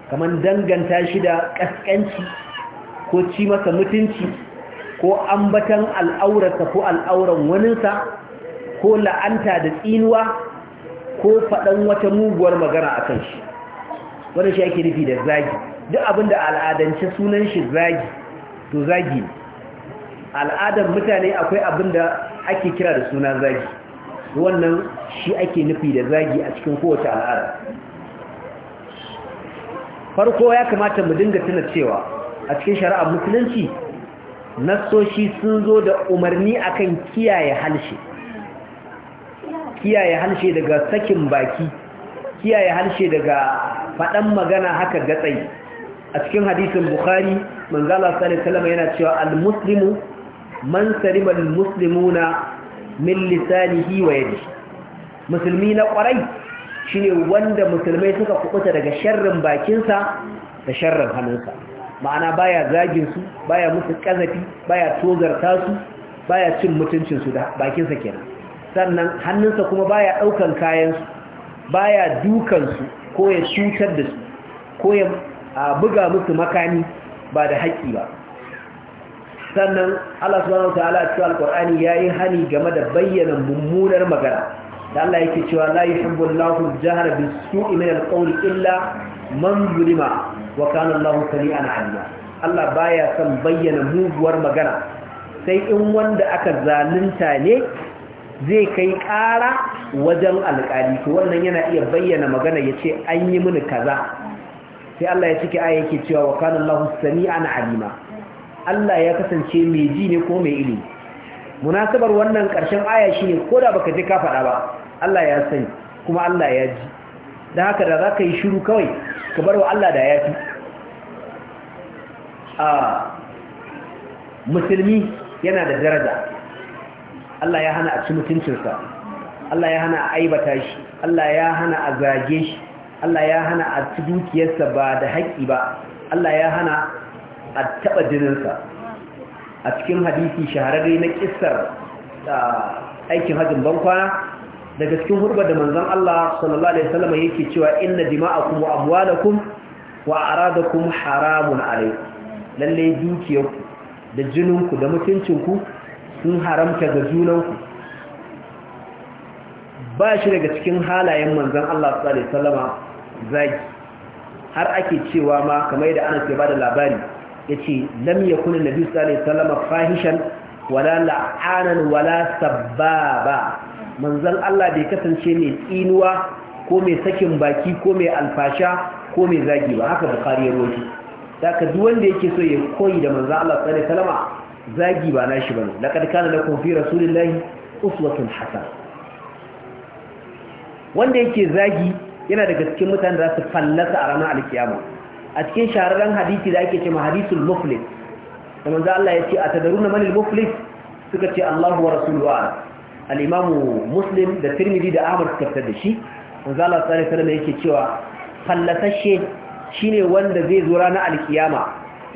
kamar danganta shi da ƙasƙanci ko ci masa mutunci ko ambatan al'aurarsa ko al'auran waninsa ko la'anta da tsinuwa ko faɗan wata muguwar magana a kan shi wanda shi ake nufi da zagi duk abin da al'adance sunan shi zagi to zagi ne al'adar mutane akwai abin da ake kira da suna zagi wannan shi ake nufi da zagi a cikin kowace al'ada farko ya kamata mu dinga tuna cewa a cikin shari'ar musulunci nassoshi sun zo da umarni akan kiyaye halshe kiyaye halshe daga sakin baki kiyaye halshe daga faɗan magana haka gatsai, a cikin hadisin bukhari manzala sallallahu yana cewa al-muslimu man salima al-muslimuna min lisanihi wa yadihi musulmi na ƙwarai shine wanda musulmai suka kubuta daga sharrin bakinsa da sharrin hannunsa ma'ana baya zaginsu, su baya musu kazafi baya tozarta su baya cin mutuncinsu da bakinsa kenan sannan hannunsa kuma baya daukan kayansu, baya dukan su ko ya cutar da su ko ya buga musu makani ba da haƙƙi ba sannan Allah subhanahu wataala a cikin alƙur'ani yayi hani game da bayyana mummunar magana da Allah yake cewa la yuhibbu Allahu al-jahra bis-su'i min al-qawli illa man zulima wa kana Allahu sami'an 'alima Allah baya son bayyana muguwar magana sai in wanda aka zalunta ne zai kai ƙara wajen alƙali to wannan yana iya bayyana magana yace an yi mini kaza sai Allah ya cike aya yake cewa wa kana Allahu sami'an 'alima Allah ya kasance mai ji ne ko mai ilimi munasabar wannan ƙarshen aya shine koda baka je ka faɗa ba Allah ya sani kuma Allah ya ji da haka da za ka yi shiru kawai ka bar wa Allah da ya fi a musulmi yana da daraja Allah ya hana a ci mutuncinsa Allah ya hana a aibata shi Allah ya hana a zage shi Allah ya hana a ci dukiyarsa ba da haƙƙi ba Allah ya hana a taɓa jininsa a cikin hadisi shahararre na ƙisar aikin hajjin bankwana daga cikin hurba da manzon Allah sallallahu alaihi wasallam yake cewa inna dima'akum wa amwalakum wa aradakum haramun alaykum lalle dukiyarku da jininku da mutuncinku sun haramta ga junanku ba shi daga cikin halayen manzon Allah sallallahu alaihi wasallama zagi har ake cewa ma kamar yadda ana ba da labari yace lam yakun annabi sallallahu alaihi wasallama fahishan wala la'anan wala sababa manzan Allah bai kasance mai tsinuwa ko mai sakin baki ko mai alfasha ko mai zagi ba haka bukari ya roki da ka duk wanda yake so ya koyi da manzan Allah sallallahu alaihi wasallam zagi ba nashi bane laqad kana lakum fi rasulillahi uswatun hasana wanda yake zagi yana daga cikin mutanen da su fallasa a ranar alkiyama a cikin shahararren hadisi da ake cewa hadisul muflis da Allah ya ce a tadaruna manil muflis suka ce Allahu wa rasuluhu al'imamu muslim da tirmidhi da ahmad suka fitar da shi manzala tsari salama yake cewa fallasashe shine wanda zai zo ranar alkiyama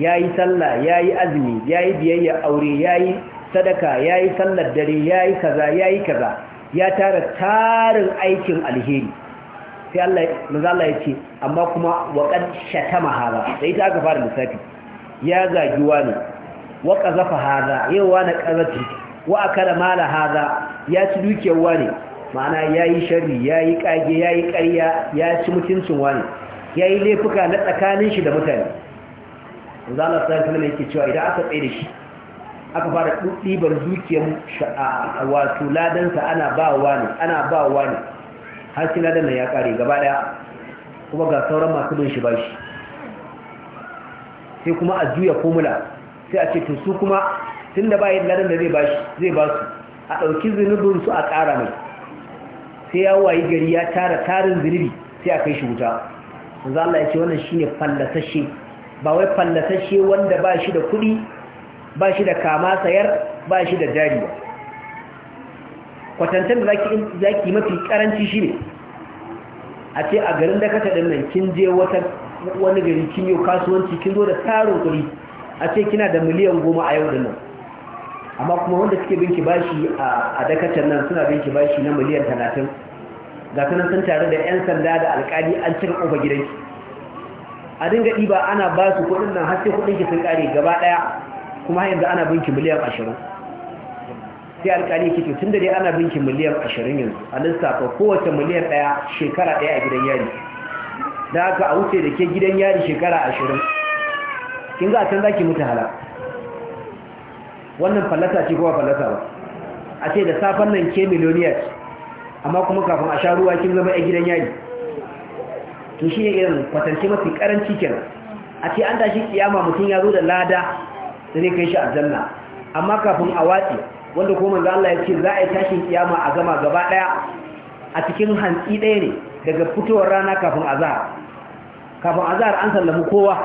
ya yi sallah ya yi azumi ya yi biyayya aure ya yi sadaka ya yi sallar dare ya yi kaza ya yi kaza ya tara tarin aikin alheri sai Allah ya ce amma kuma waƙar shatama haza da ita aka fara lissafi ya zagi wani waƙa zafa haza yau wani ƙazatu wa akala mala hadha ya ci dukiyar wani ma'ana yayi sharri yayi kage yayi ƙarya ya ci mutuncin wani yayi laifuka na tsakanin shi da mutane manzo san sallallahu kuma yake cewa idan aka tsaye da shi aka fara ɗibar dukiyar wato ladansa ana ba wani ana ba wani har sai ladan nan ya kare gaba daya kuma ga sauran masu bin shi ba shi sai kuma a juya formula sai a ce to su kuma Tunda da bayan ladan da zai bashi zai ba su a ɗauki zunubin su a ƙara mai sai ya wayi gari ya tara tarin zunubi sai a kai shi wuta manzo Allah ya ce wannan shine fallasashe ba wai fallasashe wanda ba shi da kuɗi ba shi da kama sayar ba shi da jari ba kwatantar da zaki mafi karanci shi ne a ce a garin da ka ɗin nan kin je wani gari kin yi kasuwanci kin zo da tarin kuɗi a ce kina da miliyan goma a yau da nan amma kuma wanda suke binki bashi a dakatar nan suna binki bashi na miliyan talatin ga sanar sun tare da 'yan sanda da alkali an cika ƙofa gidanki a dinga ɗiba ana ba su kuɗin nan har sai kuɗin ki sun ƙare gaba ɗaya kuma yanzu ana binki miliyan ashirin sai alkali ke to tun da dai ana binki miliyan ashirin yanzu a lissafa kowace miliyan ɗaya shekara ɗaya a gidan yari da haka a wuce da ke gidan yari shekara ashirin kin za a can za ki mutu halar wannan fallata ce kowa fallata ba a ce da safan nan ke miliyoniya ce amma kuma kafin a sha ruwa kin zama a gidan yari to shi ne irin kwatance mafi karanci ke a ce an tashi kiyama mutum ya zo da lada da zai kai shi aljanna amma kafin a watsi wanda kuma manzo Allah ya ce za a yi tashin kiyama a gama gaba daya a cikin hantsi daya ne daga fitowar rana kafin azhar kafin azhar an sallamu kowa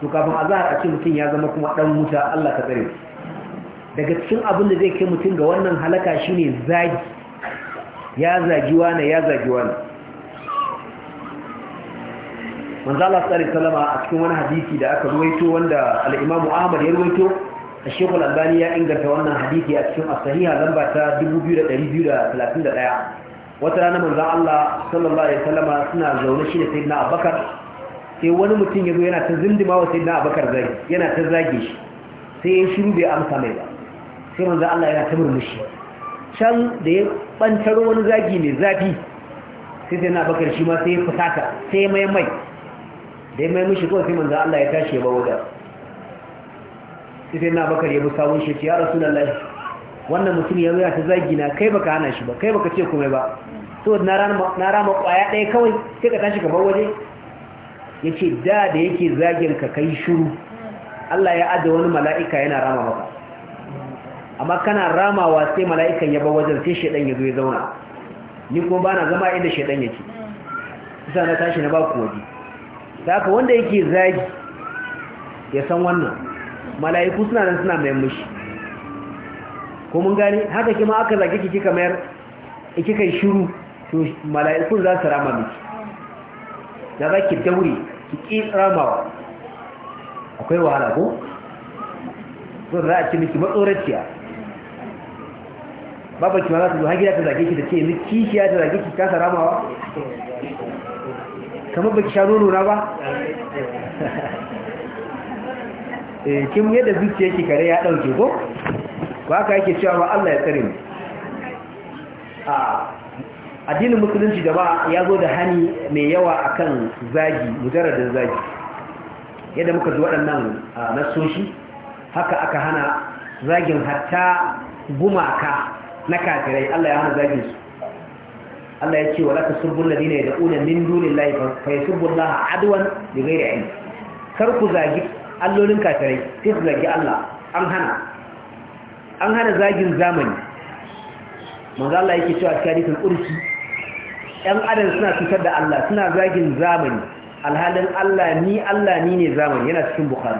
to kafin zahar a ce mutum ya zama kuma dan muta Allah ka tsare daga cikin abin da zai kai mutum ga wannan halaka shine zagi ya zagi wani ya zagi wani manzo Allah sallallahu alaihi a cikin wani hadisi da aka ruwaito wanda al-Imam Ahmad ya ruwaito Sheikh Al-Albani ya inganta wannan hadisi a cikin as-sahiha lamba ta 2231 wata rana Manzan Allah sallallahu alaihi wasallama suna zaune shi da Sayyidina Abakar. sai wani mutum ya zo yana ta zindima wa sai na abakar zagi yana ta zage shi sai ya shiru bai amsa mai ba sai manzan Allah yana ta murmushi can da ya bantaro wani zagi mai zafi sai sai na abakar shi ma sai ya fusata sai ya mai mai da ya mai mishi kawai sai manzan Allah ya tashi ya ba wajen sai sai na abakar ya bi sawun shi ya rasulullahi wannan mutum ya zo yana ta zagi na kai baka hana shi ba kai baka ce komai ba to na rama kwaya ɗaya kawai sai ka tashi ka bar waje ce da da yake zagin ka kai shiru Allah ya ajiye wani mala'ika yana rama maka amma kana ramawa sai mala'ikan ya bar wajen sai shedan ya zo ya zauna ni kuma ba na zama inda shedan yake sai na tashi na ba ku waje haka wanda yake zagi ya san wannan mala'iku suna nan suna mai mushi ko mun gani haka kima aka zage kiki kamar kai shiru to mala'ikun za su rama miki da zaki daure ki ƙi ramawa akwai wahala ko? so za a ce miki matsoraciya babu kima za ta zo hagida ta zage ki da ce yanzu kishiya ta zage ki kasa ramawa kamar baki sha nono na ba? mu <laughs> eh, yadda zuciya ki kare ya ɗauke ko? ba ka yake cewa ba Allah ya tsare mu a ah. addinin musulunci gaba ya zo da hani mai yawa akan zagi mujarradin zagi yadda muka ji waɗannan nasoshi haka aka hana zagin hatta gumaka na kafirai Allah ya hana zagin su Allah ya ce wa laka surbul ladina yad'una min dunillahi fa yasubbullaha adwan bi ghairi ilm kar ku zagi allolin kafirai sai ku zagi Allah an hana an hana zagin zamani manzo Allah yake cewa cikin hadisin qudsi ‘yan adam suna cutar da Allah suna zagin zamani alhalin Allah ni Allah ni ne zamani yana cikin Bukhari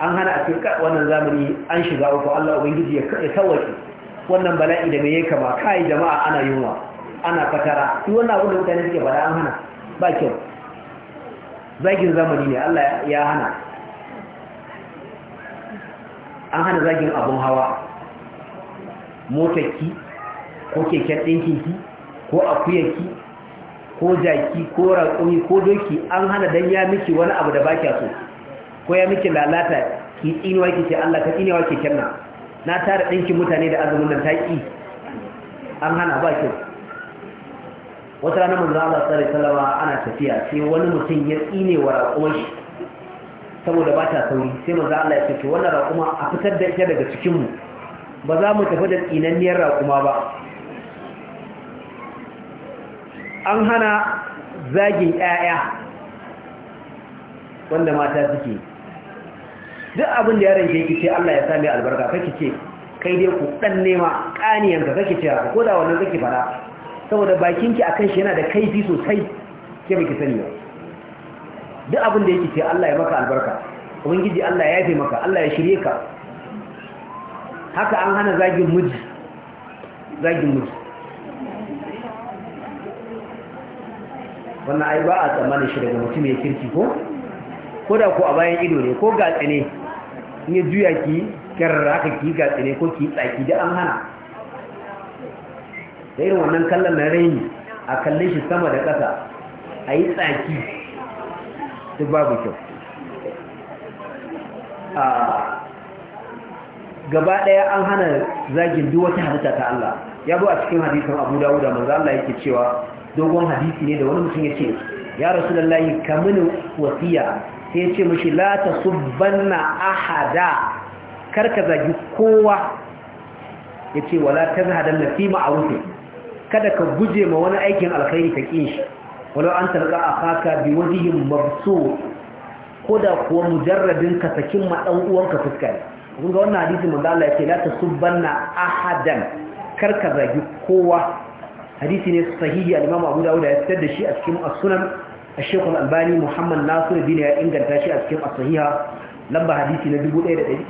an hana a cikin wannan zamani an shiga uku Allah Ubangiji ya tawaki wannan bala'i da mai kama kai jama'a ana yunwa ana fatara shi wannan abin da mutane suke bada an hana ba kyau zagin zamani ne Allah ya hana an hana zagin abun hawa motarki ko keken ɗinkinki ko akuyaki ko jaki ko raƙumi ko doki an hana dan ya miki wani abu da ba kya so ko ya miki lalata ki tsinewa ki ce Allah ka tsinewa ki kenna na tara ɗinki mutane da azumin nan ta ƙi an hana ba kyau wata ranar manzo Allah sallallahu alaihi ana tafiya sai wani mutum ya tsine wa shi saboda ba ta sauri sai manzo Allah ya ce wannan raƙuma a fitar da ita daga cikin mu ba za mu tafi da tsinanniyar raƙuma ba an hana zagin ƴaƴa wanda mata suke duk abin da yaron ke ce Allah ya sami albarka kake ce kai dai ku dan nema ƙaniyanka kake ce ko da wannan kake fara saboda bakinki akan shi yana da kaifi sosai ke miki sani ba duk abin da yake ce Allah ya maka albarka ubangiji Allah ya yafe maka Allah ya shirye ka haka an hana zagin miji zagin miji wannan ai ba a tsammanin shi daga mutum ya kirki ko ko da ko a bayan ido ne ko gatsi ne in ya juya ki kyarra aka ki ga ne ko ki tsaki da an hana da irin wannan kallon na raini a kalle shi sama da ƙasa a yi tsaki duk babu kyau gaba ɗaya an hana zagin duk wata halitta ta Allah ya zo a cikin hadisin abu dawuda manzo Allah yake cewa dogon hadisi ne da wani mutum ya ce ya rasulullahi kamin wasiya sai ya ce mashi la tasubbanna ahada karka zagi kowa ya ce wala tazhadan fi ma'ruf kada ka guje ma wani aikin alkhairi ka kin shi wala an tarqa akhaka bi wajhin ko koda kuwa mujarradin ka sakin ma dan uwanka fuska ne kun ga wannan hadisi manzo Allah ya ce la tasubbanna ahadan karka zagi kowa hadisi ne sahihi al-Imam Abu Dawud ya fitar da shi a cikin as-Sunan Al-Sheikh Al-Albani Muhammad Nasir bin ya inganta shi a cikin as-Sahiha lamba hadisi na 1109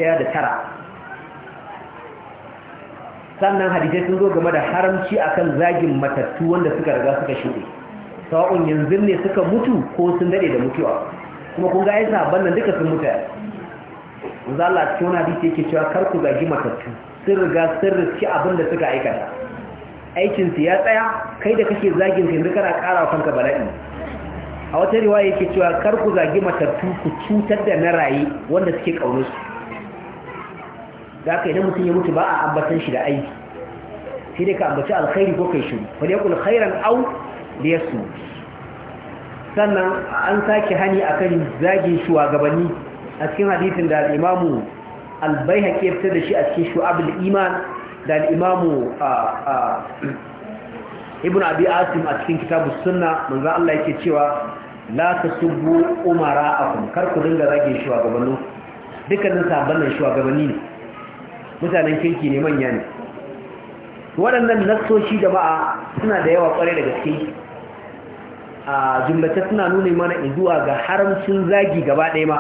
sannan hadisai sun zo game da haramci akan zagin matattu wanda suka riga suka shuɗe sawa'un yanzu ne suka mutu ko sun dade da mutuwa kuma kun ga yasa nan duka sun mutu manzo Allah cikin hadisi yake cewa kar ku zagi matattu sun riga sun riski abin da suka aikata aikinsu ya tsaya kai da kake zagin yanzu kana kara kanka bala'i a wata riwaya yake cewa kar ku zagi matattu ku cutar da na raye wanda suke kaunar su da aka idan mutum ya mutu ba a ambatan shi da aiki sai dai ka ambaci alkhairi ko kai shiru fa yakul khairan aw liyasu sannan an sake hani akan zagin shugabanni a cikin hadisin da Imam al-baihaqi ya fitar da shi a cikin shu'abul iman da al'imamu ibn abi asim a cikin kitabu sunna manzo Allah yake cewa la subu umara a kar ku dinga zage gabanin dukkanin sabon nan ne mutanen kirki ne manya ne waɗannan nassoshi jama'a suna da yawa ƙware da gaske a jimlata suna nuna mana izuwa ga haramcin zagi gaba ɗaya ma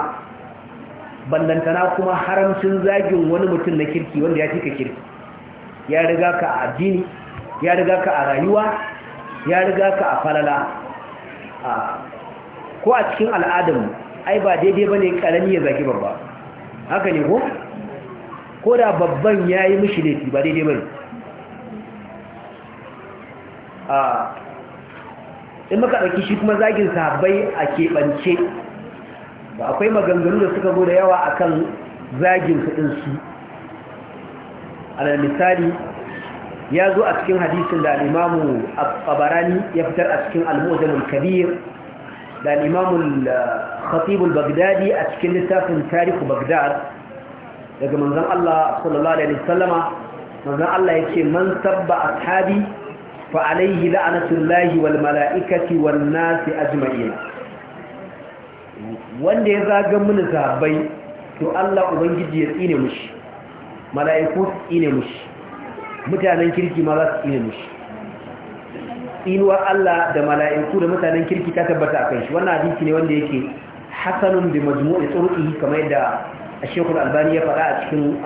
bandantana kuma haramcin zagin wani mutum na kirki wanda ya cika kirki ya riga ka a addini ya riga ka a rayuwa ya riga ka a falala ko a cikin al'adun ai ba daidai ba ne karami ya zaki babba haka ne ko? ko da babban ya yi mishi laifi ba daidai ba ne in maka ɗauki shi kuma zagin sahabbai a keɓance ba akwai maganganu da suka zo da yawa akan zagin su alal misali ya zo a cikin hadisin da al'imamu abarani ya fitar a cikin al'ujamin kabir da al'imamun khatibul bagdadi a cikin littafin tarihu bagdad daga manzan Allah sallallahu Alaihi wasallama manzan Allah ya ce man sabba ashabi fa alaihi la'anatullahi wal mala'ikati wal nasi ajma'in wanda ya zaga mini zabai to Allah ubangiji ya tsine mushi mala'iku su tsine mushi mutanen kirki ma za su tsine mushi inuwa Allah da mala'iku da mutanen kirki ta tabbata a kan wannan hadisi ne wanda yake hasanun bi majmu'i turqi kamar yadda a Al-Albani ya faɗa a cikin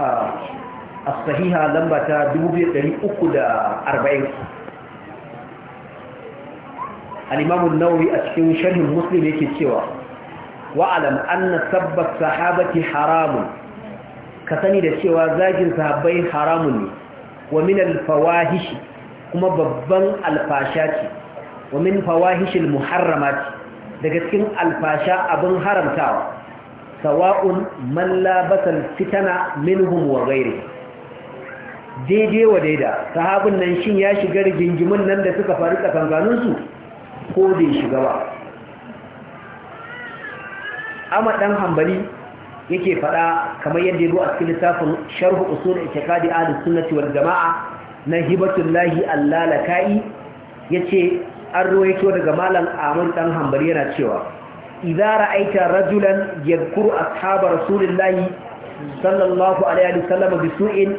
as-sahiha lamba ta 2340 al arba'in. Alimamin nawawi a cikin sharh Muslim yake cewa wa'alam anna sabba sahabati haramun ka sani da cewa zagin sahabbai haramun ne wa min alfawahishi kuma babban alfasha ce wa min fawahishil ce, daga cikin alfasha abin haramtawa sawa'un man basal fitana minhum wa ghairi daidai wa daida sahabin nan shin ya shiga rigingimin nan da suka faru tsakankanin su ko dai shiga ba amma dan hanbali yake faɗa kamar yadda ya zo a cikin littafin sharhu usul itikadi ahli sunnati wal jama'a na hibatullahi allalakai yace an ruwaito daga malam Ahmad dan Hanbali yana cewa idza ra'aita rajulan yadhkuru ashaba rasulillahi sallallahu alaihi wa sallam bi su'in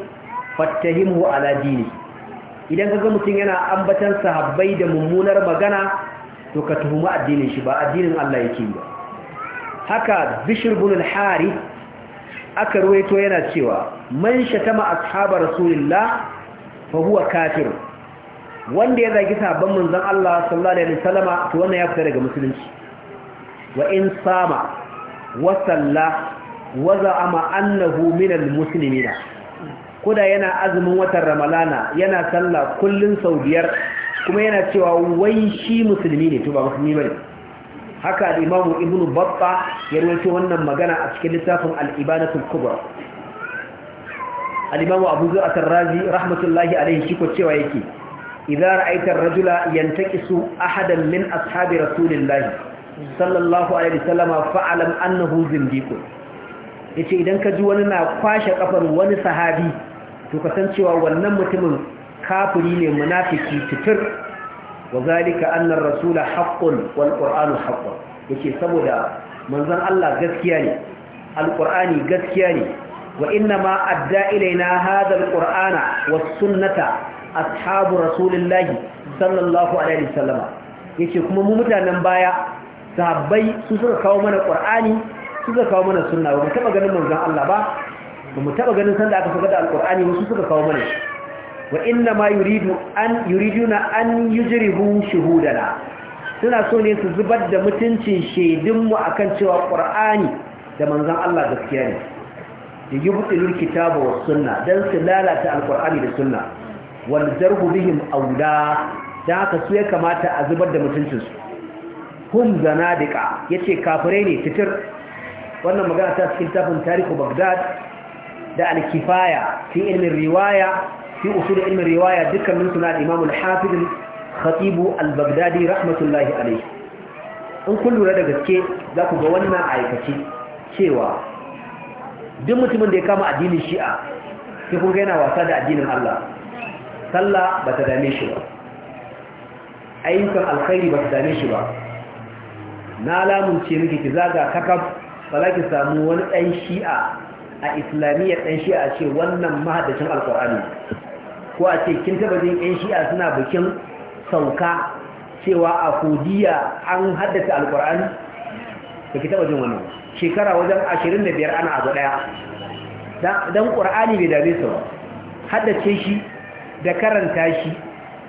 fattahimhu ala dini idan kaga mutum yana ambatan sahabbai da mummunar magana to ka tuhuma addinin shi ba addinin Allah yake ba haka bishir Bulun hari aka ruwaito yana cewa man shatama ashaba rasulillah fa huwa kafir wanda ya zagi sabon manzon Allah sallallahu alaihi wasallama to wannan ya fita daga musulunci wa in sama wa salla wa za'ama annahu min al koda yana azumin watan ramalana yana sallah kullun sau biyar kuma yana cewa wai shi musulmi ne to ba musulmi bane haka al Ibn ibnu batta ya rawaito wannan magana a cikin littafin al-ibanatul kubra al-imamu abu zur'a ar-razi rahmatullahi alayhi shi ko cewa yake idza ra'aita ar-rajula yantaqisu ahadan min ashabi rasulillahi sallallahu alaihi wasallama fa'alam annahu zindiqun yace idan ka ji wani na kwashe kafar wani sahabi to kasancewa wannan mutumin kafiri ne munafiki tutur wa zalika anna ar-rasula haqqun wal qur'anu haqqun yake saboda manzon Allah gaskiya ne Alƙur'ani gaskiya ne wa inna ma adda ilaina hadha al-qur'ana sunnata ashabu rasulillahi sallallahu alaihi wasallam yace kuma mu mutanen baya sahabbai su suka kawo mana qur'ani suka kawo mana sunna ba mu taba ganin manzon Allah ba ba mu taba ganin sanda aka faga da al-qur'ani wasu suka kawo mana wa inna ma yuridu an yuriduna an yujrihu shuhudana suna so ne su zubar da mutuncin shaidunmu akan cewa qur'ani da manzon Allah gaskiya ne da yubtilul kitaba was sunna dan su lalata alqur'ani da sunna wal jarhu bihim awla da haka su ya kamata a zubar da mutuncin su hum zanadika yace kafirai ne fitar, wannan magana ta cikin tafin tarihu bagdad da al-kifaya fi ilmin riwaya fi usul ilmin riwaya dukkanin suna da imamul hafidin khatibu al-baghdadi rahmatullahi alaihi in kun lura da gaske za ku ga wannan aikace cewa duk mutumin da ya kama addinin shi'a sai kun yana wasa da addinin Allah sallah ba ta dame shi ba ayyukan alkhairi ba ta dame shi ba na lamunce miki ki zaga kakaf ba ki samu wani ɗan shi'a a islamiyyar ɗan shi'a ce wannan mahadashin alkur'ani ko a ce kin taba jin ƴan shi'a suna bikin sauka cewa a kudiya an haddasa alkur'ani da ki taba jin wani. shekara wajen 25 ana abu daya don ƙur'ani bai dame su ba haddace shi da karanta shi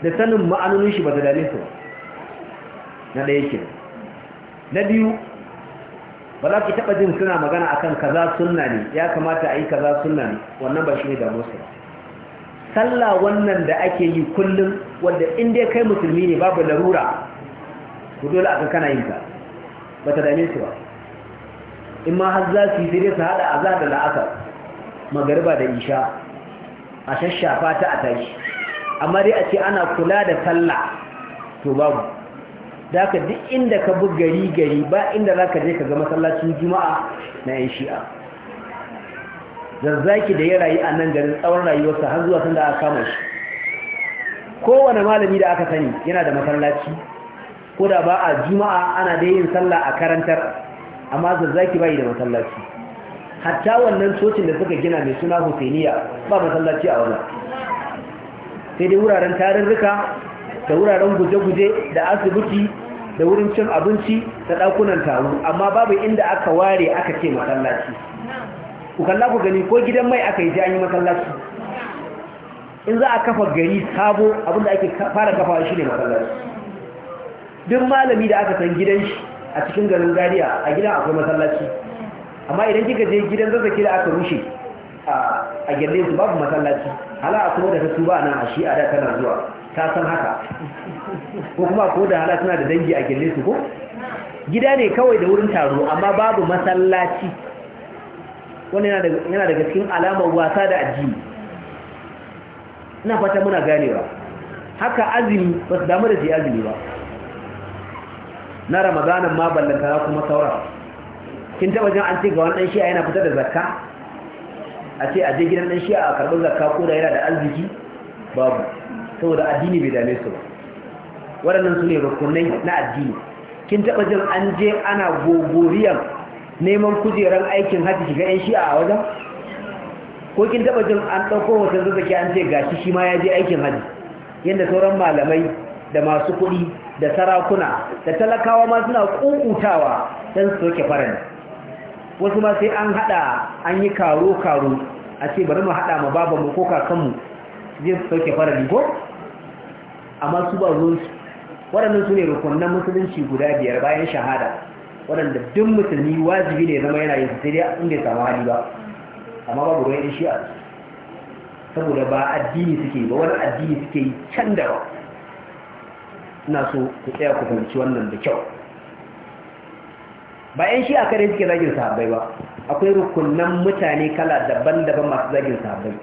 da sanin ma'anonin shi ba da dame su na ɗaya ke na biyu ba za ki taɓa jin suna magana akan kaza sunna ne ya kamata a yi kaza sunna ne wannan ba shi ne damu su ba sallah wannan da ake yi kullum wanda inda kai musulmi ne babu larura ku dole aka kana yin ba ta dame su ba in ma har za su yi sai dai su haɗa azar da la'akar magariba da isha a shashafa ta a tashi amma dai a ce ana kula da sallah to babu da ka duk inda ka bi gari gari ba inda za ka je ka ga masallacin juma'a na 'yan shi'a zazzaki da ya rayu a nan garin tsawon rayuwarsa har zuwa sanda aka kama shi kowane malami da aka sani yana da masallaci ko da ba a juma'a ana da yin sallah a karantar amma zazzaki bai da masallaci hatta wannan cocin da suka gina mai suna Husainiya ba masallaci a wannan sai dai wuraren tarurruka da wuraren guje-guje da asibiti da wurin cin abinci da ɗakunan taru, amma babu inda aka ware aka ce masallaci ku kalla ku gani ko gidan mai aka yi ji an yi masallaci in za a kafa gari sabo abinda ake fara kafa shi ne masallaci duk malami da aka san gidan shi a cikin garin gariya a gidan akwai masallaci amma idan kika je gidan zazzaki da aka rushe a gyalle su babu masallaci hala a kuma da ta tuba nan a shi a da zuwa ta san haka ko kuma ko da hala tana da dangi a gyalle su ko gida ne kawai da wurin taro amma babu masallaci wani yana daga cikin alamar wasa da addini ina fata muna ganewa haka azumi ba su damu da shi azumi ba na ramadanin ma ballanta kuma sauran kin taba jin an ce ga wani dan shi'a yana fitar da zakka a ce a je gidan dan shi'a a karɓar zakka ko da yana da arziki babu saboda addini bai dame su ba waɗannan su ne rukunai na addini kin taɓa jin an je ana gogoriyar neman kujerar aikin hajji shiga yan shi'a a wajen ko kin taba jin an ɗauko hoton zazzaki an ce gashi shi ma ya je aikin hajji yadda sauran malamai da masu kuɗi da sarakuna da talakawa ma suna ƙunƙutawa don su soke farin wasu ma sai an haɗa an yi karo-karo a ce bari mu haɗa ma babanmu ko kakanmu zai su soke farin ko amma su ba ruwansu waɗannan su ne rukunan musulunci guda biyar bayan shahada waɗanda duk musulmi wajibi ne zama yana yin sai dai inda ya samu hali ba amma babu ruwan yan shi'a saboda ba addini suke ba wani addini suke yi can da ba ina so ku tsaya ku fahimci wannan da kyau ba yan shi'a kare suke zagin sahabbai ba akwai rukunan mutane kala daban-daban masu zagin sahabbai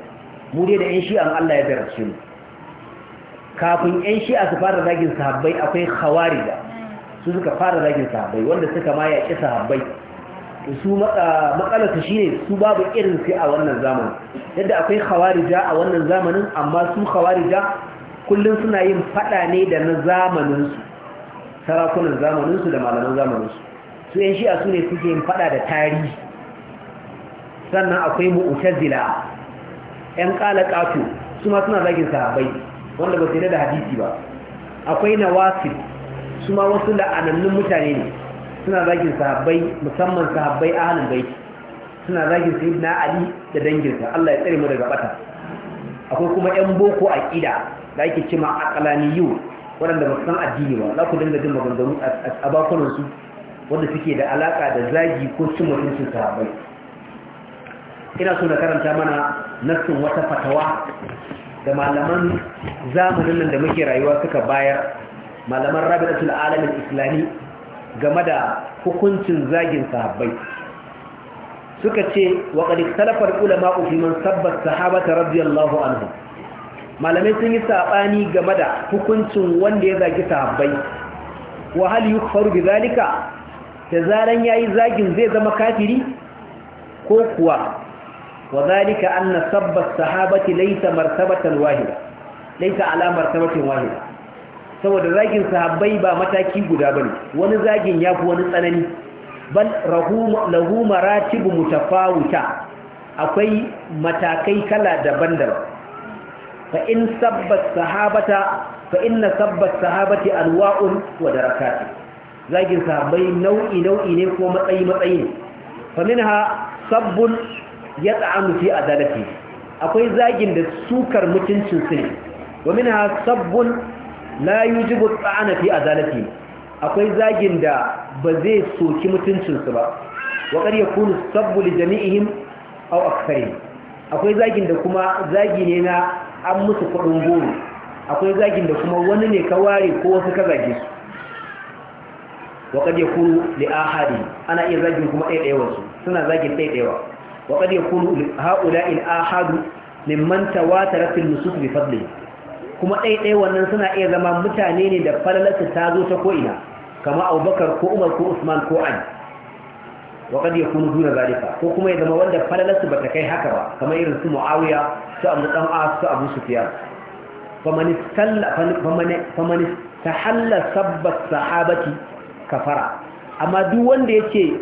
mu dai da yan an Allah ya zarce mu kafin yan shi'a su fara zagin sahabbai akwai khawarija su suka fara zagin sahabbai wanda suka ma yaƙi sahabbai su shi ne su babu irin sai a wannan zamanin yadda akwai khawarija a wannan zamanin amma su khawarija kullum suna yin fada ne da na zamaninsu sarakunan zamaninsu da malaman zamaninsu su yan shi'a su ne suke yin fada da tarihi sannan akwai mu'tazila yan kalakatu su ma suna zagin sahabbai wanda ba su yi da hadisi ba akwai nawasib su ma wasu la'anannun mutane ne suna zagin sahabbai musamman sahabbai ahalin bai suna zagin sayyidina ali da danginsa Allah ya tsare mu daga bata akwai kuma yan boko a kida da ake cewa aqlaniyu waɗanda ba san addini ba za ku dinga jin maganganu a bakunan su wanda suke da alaka da zagi ko cin mutuncin sahabbai ina so na karanta mana nassin wata fatawa da malaman zamanin nan da muke rayuwa suka bayar malaman rabitattun alamin islami game da hukuncin zagin sahabbai suka ce wa talafar ulama ufiman sabbat sahabata radiyallahu anhu malamai sun yi saɓani game da hukuncin wanda ya zagi sahabbai wa hal yukfaru bi zalika da zaran yayi zagin zai zama kafiri ko kuwa wa zalika anna sabba sahabati laysa martabatan wahida ala wahida saboda zagin sahabbai ba mataki guda bane wani zagin ya fi wani tsanani bal rahuma lahu maratibu mutafawita akwai matakai kala daban-daban fa in sabbat sahabata fa inna sabbat sahabati alwa'un wa darakat zagin sahabbai nau'i nau'i ne ko matsayi matsayi fa minha sabbun yat'amu fi adalati akwai zagin da sukar mutuncin su ne wa minha sabbun la yujibu tsana fi azalati akwai zagin da ba zai soki mutuncinsu ba wa qad yakunu sabbu li jami'ihim aw akthari akwai zagin da kuma zagi ne na an musu kudin goro akwai zagin da kuma wani ne ka ware ko wasu ka zage su wa qad yakunu li ahadi ana iya zagin kuma ɗaya ɗaya wasu suna zagin ɗaya ɗaya wa qad yakunu haula'il ahadu mimman tawatarat al nusuf bi fadlihi kuma ɗaiɗai wannan suna iya zama mutane ne da falalarsu ta zo ta ko'ina kama abubakar ko umar ko usman ko ali waƙad ya kunu duna zalika ko kuma ya zama wanda falalarsu ba ta kai haka ba kamar irin su mu'awiya su abu ɗan a su abu sufiya famani ta halla sabbat sahabati kafara amma duk wanda ya ce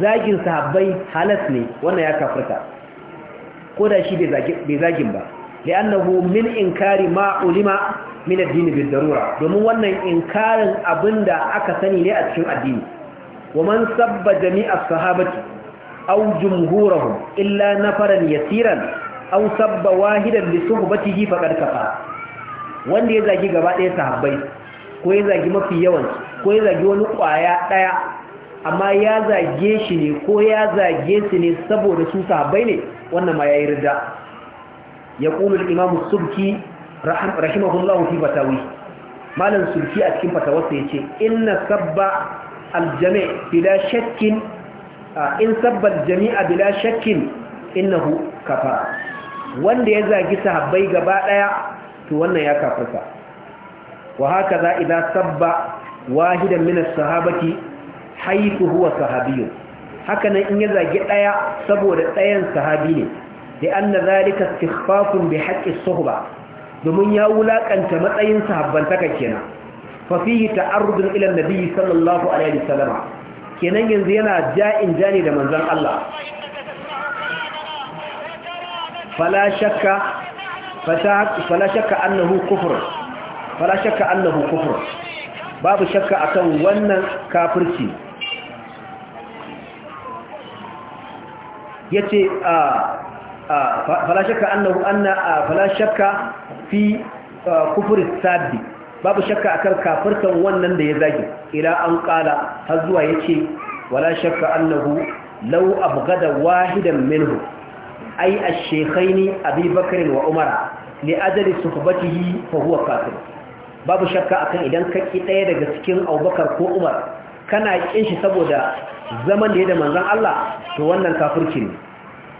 zagin sahabbai halas ne wannan ya kafarta ko da shi bai zagin ba li'annahu min inkari ma ulima min addini bil darura domin wannan inkarin abinda aka sani ne a cikin addini wa man sabba jami'a sahabati aw jumhurahum illa nafaran yasiran aw sabba wahidan li suhbatihi faqad kafa wanda ya zagi gaba ɗaya sahabbai ko ya zagi mafi yawan ko ya zagi wani kwaya ɗaya amma ya zage shi ne ko ya zage su ne saboda su sahabbai ne wannan ma yi ridda يقول الإمام السبكي رحم رحمه الله في فتاوي مالا السبكي أتكين فتاوته إن سب الجميع بلا شك in sabbat jami'a bila shakkin innahu kafa wanda ya zagi sahabbai gaba ɗaya, to wannan ya kafarta wa hakaza idza sabba wahidan min sahabaki, sahabati haythu huwa sahabiyyun hakanan in ya zagi ɗaya, saboda ɗayan sahabi ne لأن bai استخفاف بحق ba domin ya wulaƙanta matsayin sahabbantaka kenan fa fihi ta'arrudun ila nabi sallallahu alaihi wasallama kenan yanzu yana ja'in jani da manzan Allah fala shakka fala shakka annahu kufr fala babu shakka akan wannan kafirci yace a fala shakka annahu anna fala shakka fi kufri sabbi babu shakka akan kafurkan wannan da ya zage ila an qala har zuwa yace wala shakka annahu law da wahidan minhu ai ash-shaykhayn abi wa umar li ajali suhbatihi fa huwa kafir babu shakka akan idan ka ki daya daga cikin abubakar ko umar kana ƙin shi saboda zaman da ya da manzon Allah to wannan kafirci ne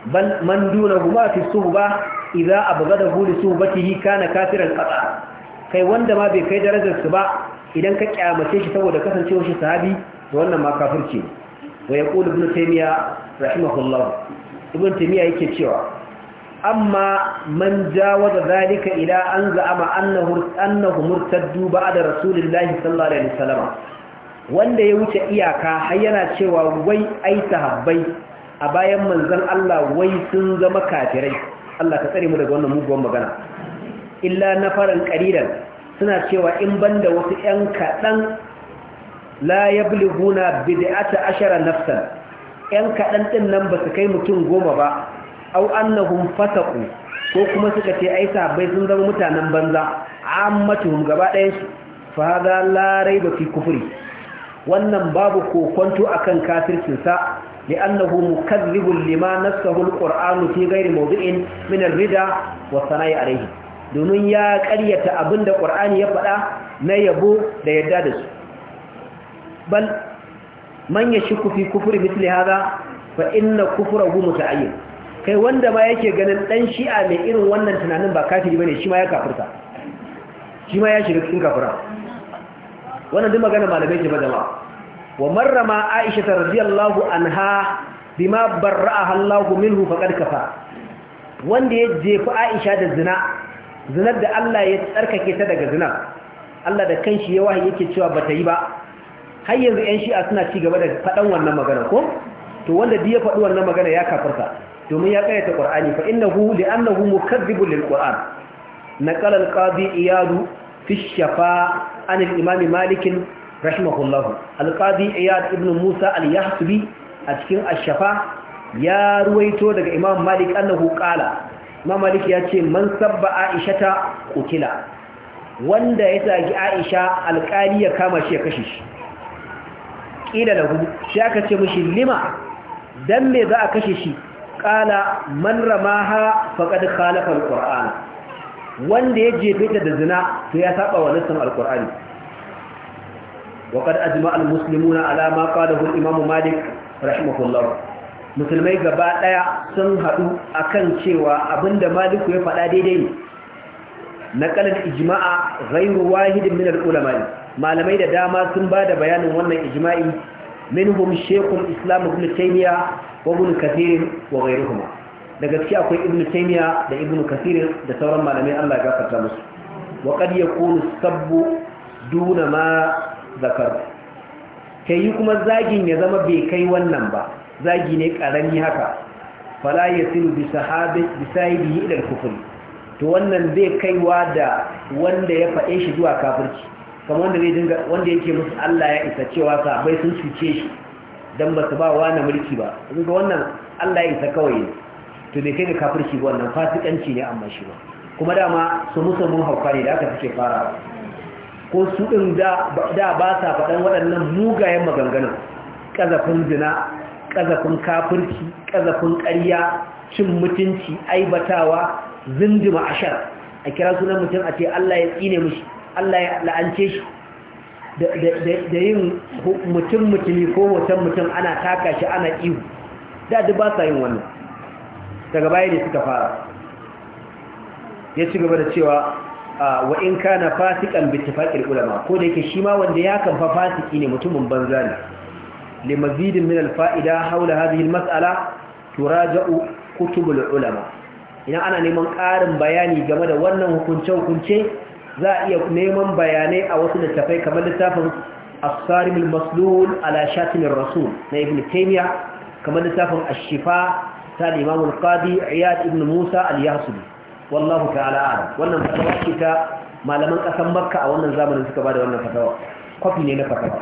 bal man dunahuma fi suhba idza abghadahu li suhbatihi kana kafiran qata kai wanda ma bai kai darajar su ba idan ka kyamace shi saboda kasancewar shi sahabi to wannan ma kafirci wa yaqul ibn taymiya rahimahullah ibn taymiya yake cewa amma man jawaza zalika ila an za'ama annahu annahu murtaddu ba'da rasulillahi sallallahu alaihi wasallam wanda ya wuce iyaka har yana cewa wai ai sahabbai a bayan manzan Allah wai sun zama kafirai Allah ka tsare mu daga wannan muguwan magana illa na nafaran qalilan suna cewa in banda wasu ƴan kadan la yablighuna bid'ata ashara nafsa ƴan kaɗan din nan ba su kai mutum goma ba au annahum fasaqu ko kuma suka ce ai sabai sun zama mutanen banza ammatuhum gaba ɗayan su fa hada la raiba fi kufri wannan babu kokonto akan kafircin sa لأنه مكذب لما نفسه القرآن في غير موضع من الردى والثناء عليه domin ya ƙaryata abin da ƙwar'ani ya faɗa na yabo da yadda da su bal man ya shi kufi kufuri haza fa inna kufura kai wanda ma yake ganin ɗan shi'a mai irin wannan tunanin ba kafiri bane shi ma ya kafirta shi ma ya shiga cikin kafira wannan duk magana malamai ce ba jama'a wa marrama aisha ta radiyallahu anha bima barra'aha Allahu minhu faqad kafa wanda ya jefa aisha da zina zinar da Allah ya tsarkake ta daga zina Allah da kanshi ya wahayi yake cewa bata yi ba har yanzu 'yan shi'a suna ci gaba da faɗan wannan magana ko to wanda duk ya faɗi wannan magana ya kafarka, domin ya kayyata Qur'ani fa innahu li'annahu mukadzibun lil Qur'an naqala al-qadi iyadu fi shafa an al-imam Malik rahimahullah alqadi iyad ibn musa al-yahsubi a cikin ash-shafa ya ruwaito daga imam malik annahu qala imam malik ya ce man sabba ta qutila wanda ya zagi aisha alƙali ya kama shi ya kashe shi kila lahu shi aka ce mishi lima dan me za a kashe shi qala man ramaha faqad khalafa al-qur'an wanda ya jefe ta da zina to ya saba wa nassin al-qur'ani وقد أجمع المسلمون على ما قاله الإمام مالك رحمه الله musulmai gaba ɗaya sun haɗu akan cewa abinda maliku ya faɗa daidai na nakalar ijma'a ghairu wahidin min al-ulama malamai da dama sun ba da bayanin wannan ijma'i minhum shaykhul islam ibn taymiya wa ibn kathir wa ghayruhuma da gaskiya akwai ibn taymiya da ibn kathir da sauran malamai Allah ya gafarta musu wa qad yakunu sabbu duna ma zakar ke yi kuma zagin ya zama bai kai wannan ba zagi ne karami haka fala ya silu bi sahibi ilal kufri to wannan zai kaiwa da wanda ya faɗe shi zuwa kafirci kamar wanda zai dinga yake musu Allah ya isa cewa bai sun cuce shi dan ba su ba wa na mulki ba ga wannan Allah ya isa kawai to bai kai ga kafirci ba wannan fasikanci ne amma shi ba kuma dama su musulmin hauka ne da aka suke fara ko su ɗin da ba sa faɗan waɗannan mugayen maganganun ƙazafin zina ƙazafin kafirci ƙazafin ƙarya cin mutunci aibatawa zindima ashar a kira sunan mutum a ce Allah ya tsine mushi Allah ya la'ance shi da yin mutum mutumi ko hoton mutum ana taka shi ana ihu da duk ba sa yin wannan daga baya da suka fara ya ci gaba da cewa wa in kana fasikan bittifaqil ulama ko da yake shi ma wanda ya kan fa fasiki ne mutumin banza ne limazidin min alfa'ida haula hadhihi almas'ala turaja'u kutubul ulama idan ana neman ƙarin bayani game da wannan hukunce hukunce za a iya neman bayanai a wasu littafai kamar littafin as-sarim al-maslul ala shatim ar-rasul na ibn taymiya kamar littafin ash-shifa ta imam al-qadi iyad ibn musa al-yahsubi wallahu ta'ala alam wannan fatawa ce ta malaman kasan makka a wannan zamanin suka bada wannan fatawa kwafi ne na fatawa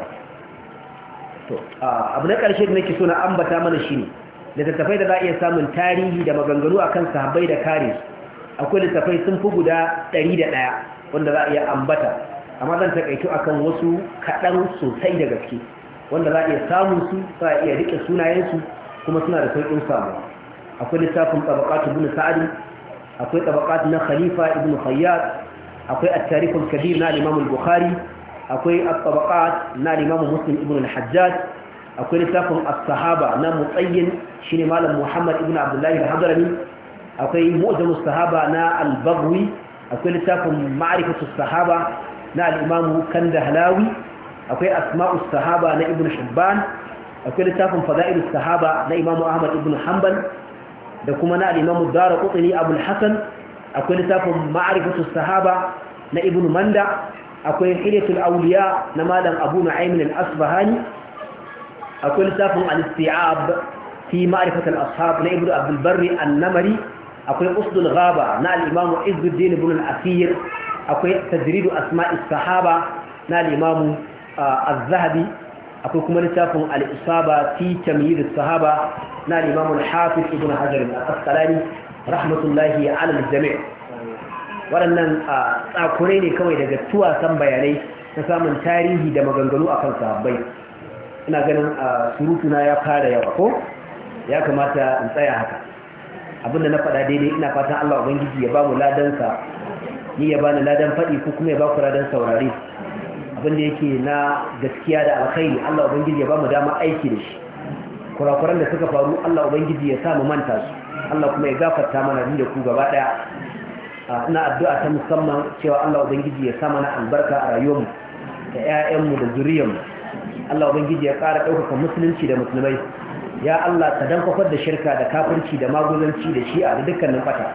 to abu na karshe da nake so na ambata mana shine littattafai da za a iya samun tarihi da maganganu akan sahabbai da kare akwai littattafai sun fi guda 101 wanda za a iya ambata amma zan takaito akan wasu kaɗan sosai da gaske wanda za a iya samun su za a iya rike sunayensu kuma suna da sauƙin samu akwai littafin tabaqatu bin sa'adu. akwai tabaqat na khalifa ibn khayyat akwai at-tarikh al-kabir na imam al-bukhari akwai at-tabaqat na imam muslim ibn al-hajjaj akwai littafin as-sahaba na mutayyin shine malam muhammad ibn abdullah al-hadrami akwai mu'jam as-sahaba na al akwai littafin ma'rifatu as-sahaba na al-imam kandahlawi akwai asma'u as-sahaba na ibn hibban akwai littafin fada'ilu sahaba na imamu ahmad ibn hanbal da kuma na alimamu dara Ad-Darqutni akwai littafin Ma'rifatu Sahaba na Ibn Manda akwai Hilyatul Awliya na Malam Abu Nu'aym al-Asbahani akwai littafin Al-Isti'ab fi Ma'rifatu ashab na Ibn Abdul an-Namari akwai Usdul Ghaba na alimamu imam Izzuddin Ibn akwai Tajridu Asma'is Sahaba na alimamu ah, Az-Zahabi akwai kuma littafin al-isaba fi tamyiz sahaba na al-imam hafiz ibn hajar al-asqalani rahmatullahi ala al-jami' waɗannan tsakurai ne kawai daga tuwasan bayanai na samun tarihi da maganganu akan sahabbai ina ganin surutuna ya fara yawa ko ya kamata in tsaya haka abinda na faɗa daidai ina fatan Allah ubangiji ya ba mu ladansa ni ya bani ladan faɗi ko kuma ya ba ku ladan saurari. abinda yake na gaskiya da alkhairi Allah ubangiji ya ba mu dama aiki da shi kurakuran da suka faru Allah ubangiji ya sa mu manta su Allah kuma ya gafarta mana da ku gaba daya ina addu'a ta musamman cewa Allah ubangiji ya sa mana albarka a rayuwarmu da mu da zuriyarmu Allah ubangiji ya kara ɗaukaka musulunci da musulmai ya Allah ka dankafar da shirka da kafirci da maguzanci da shi'a da dukkanin fata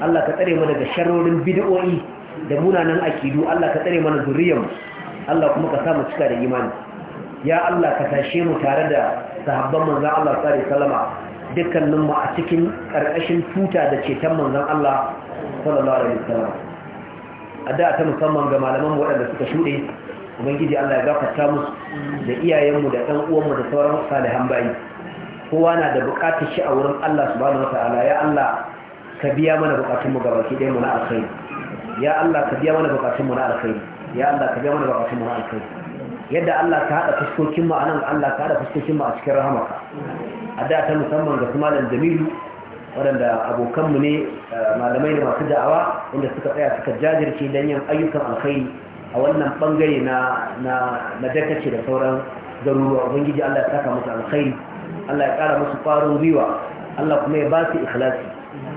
Allah ka tsare mu daga sharrorin bid'o'i da munanan akidu Allah ka tsare mana zuriyarmu Allah kuma ka samu cika da imani ya Allah ka tashe mu tare da sahabban manzon Allah sallallahu alaihi wasallama dukkanin mu a cikin karkashin tuta da ceton manzon Allah sallallahu alaihi wasallam a da ta musamman ga malaman waɗanda suka shuɗe ubangiji Allah ya gafarta musu da iyayenmu da ɗan uwanmu da sauran salihan bayi kowa na da buƙatar shi a wurin Allah subhanahu wataala ya Allah ka biya mana buƙatunmu ga baki mu na alkhairi ya Allah ka biya mana na alkhairi ya Allah ka gama da babatun mu alkai yadda Allah ka hada fuskokin mu anan Allah ka hada fuskokin mu a cikin rahamarka da ta musamman ga malam Jamilu waɗanda abokanmu ne eh, malamai ne masu da'awa inda suka tsaya suka jajirce don yin ayyukan alkhairi a wannan bangare na na dakace da sauran garuruwa ubangiji Allah ya saka musu alkhairi Allah ya kara musu ƙwarin gwiwa Allah kuma ya ba su ikhlasi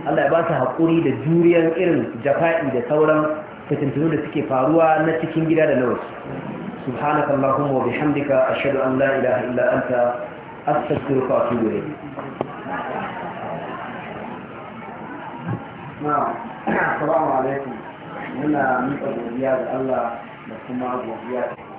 Allah ya ba su haƙuri da juriyar irin jafa'i da sauran fitintunu da suke faruwa na cikin gida da na waje subhanaka allahumma wa bihamdika ashhadu an la ilaha illa anta astaghfiruka wa atubu ilayk Assalamu alaikum. Muna miƙa godiya ga Allah da kuma godiya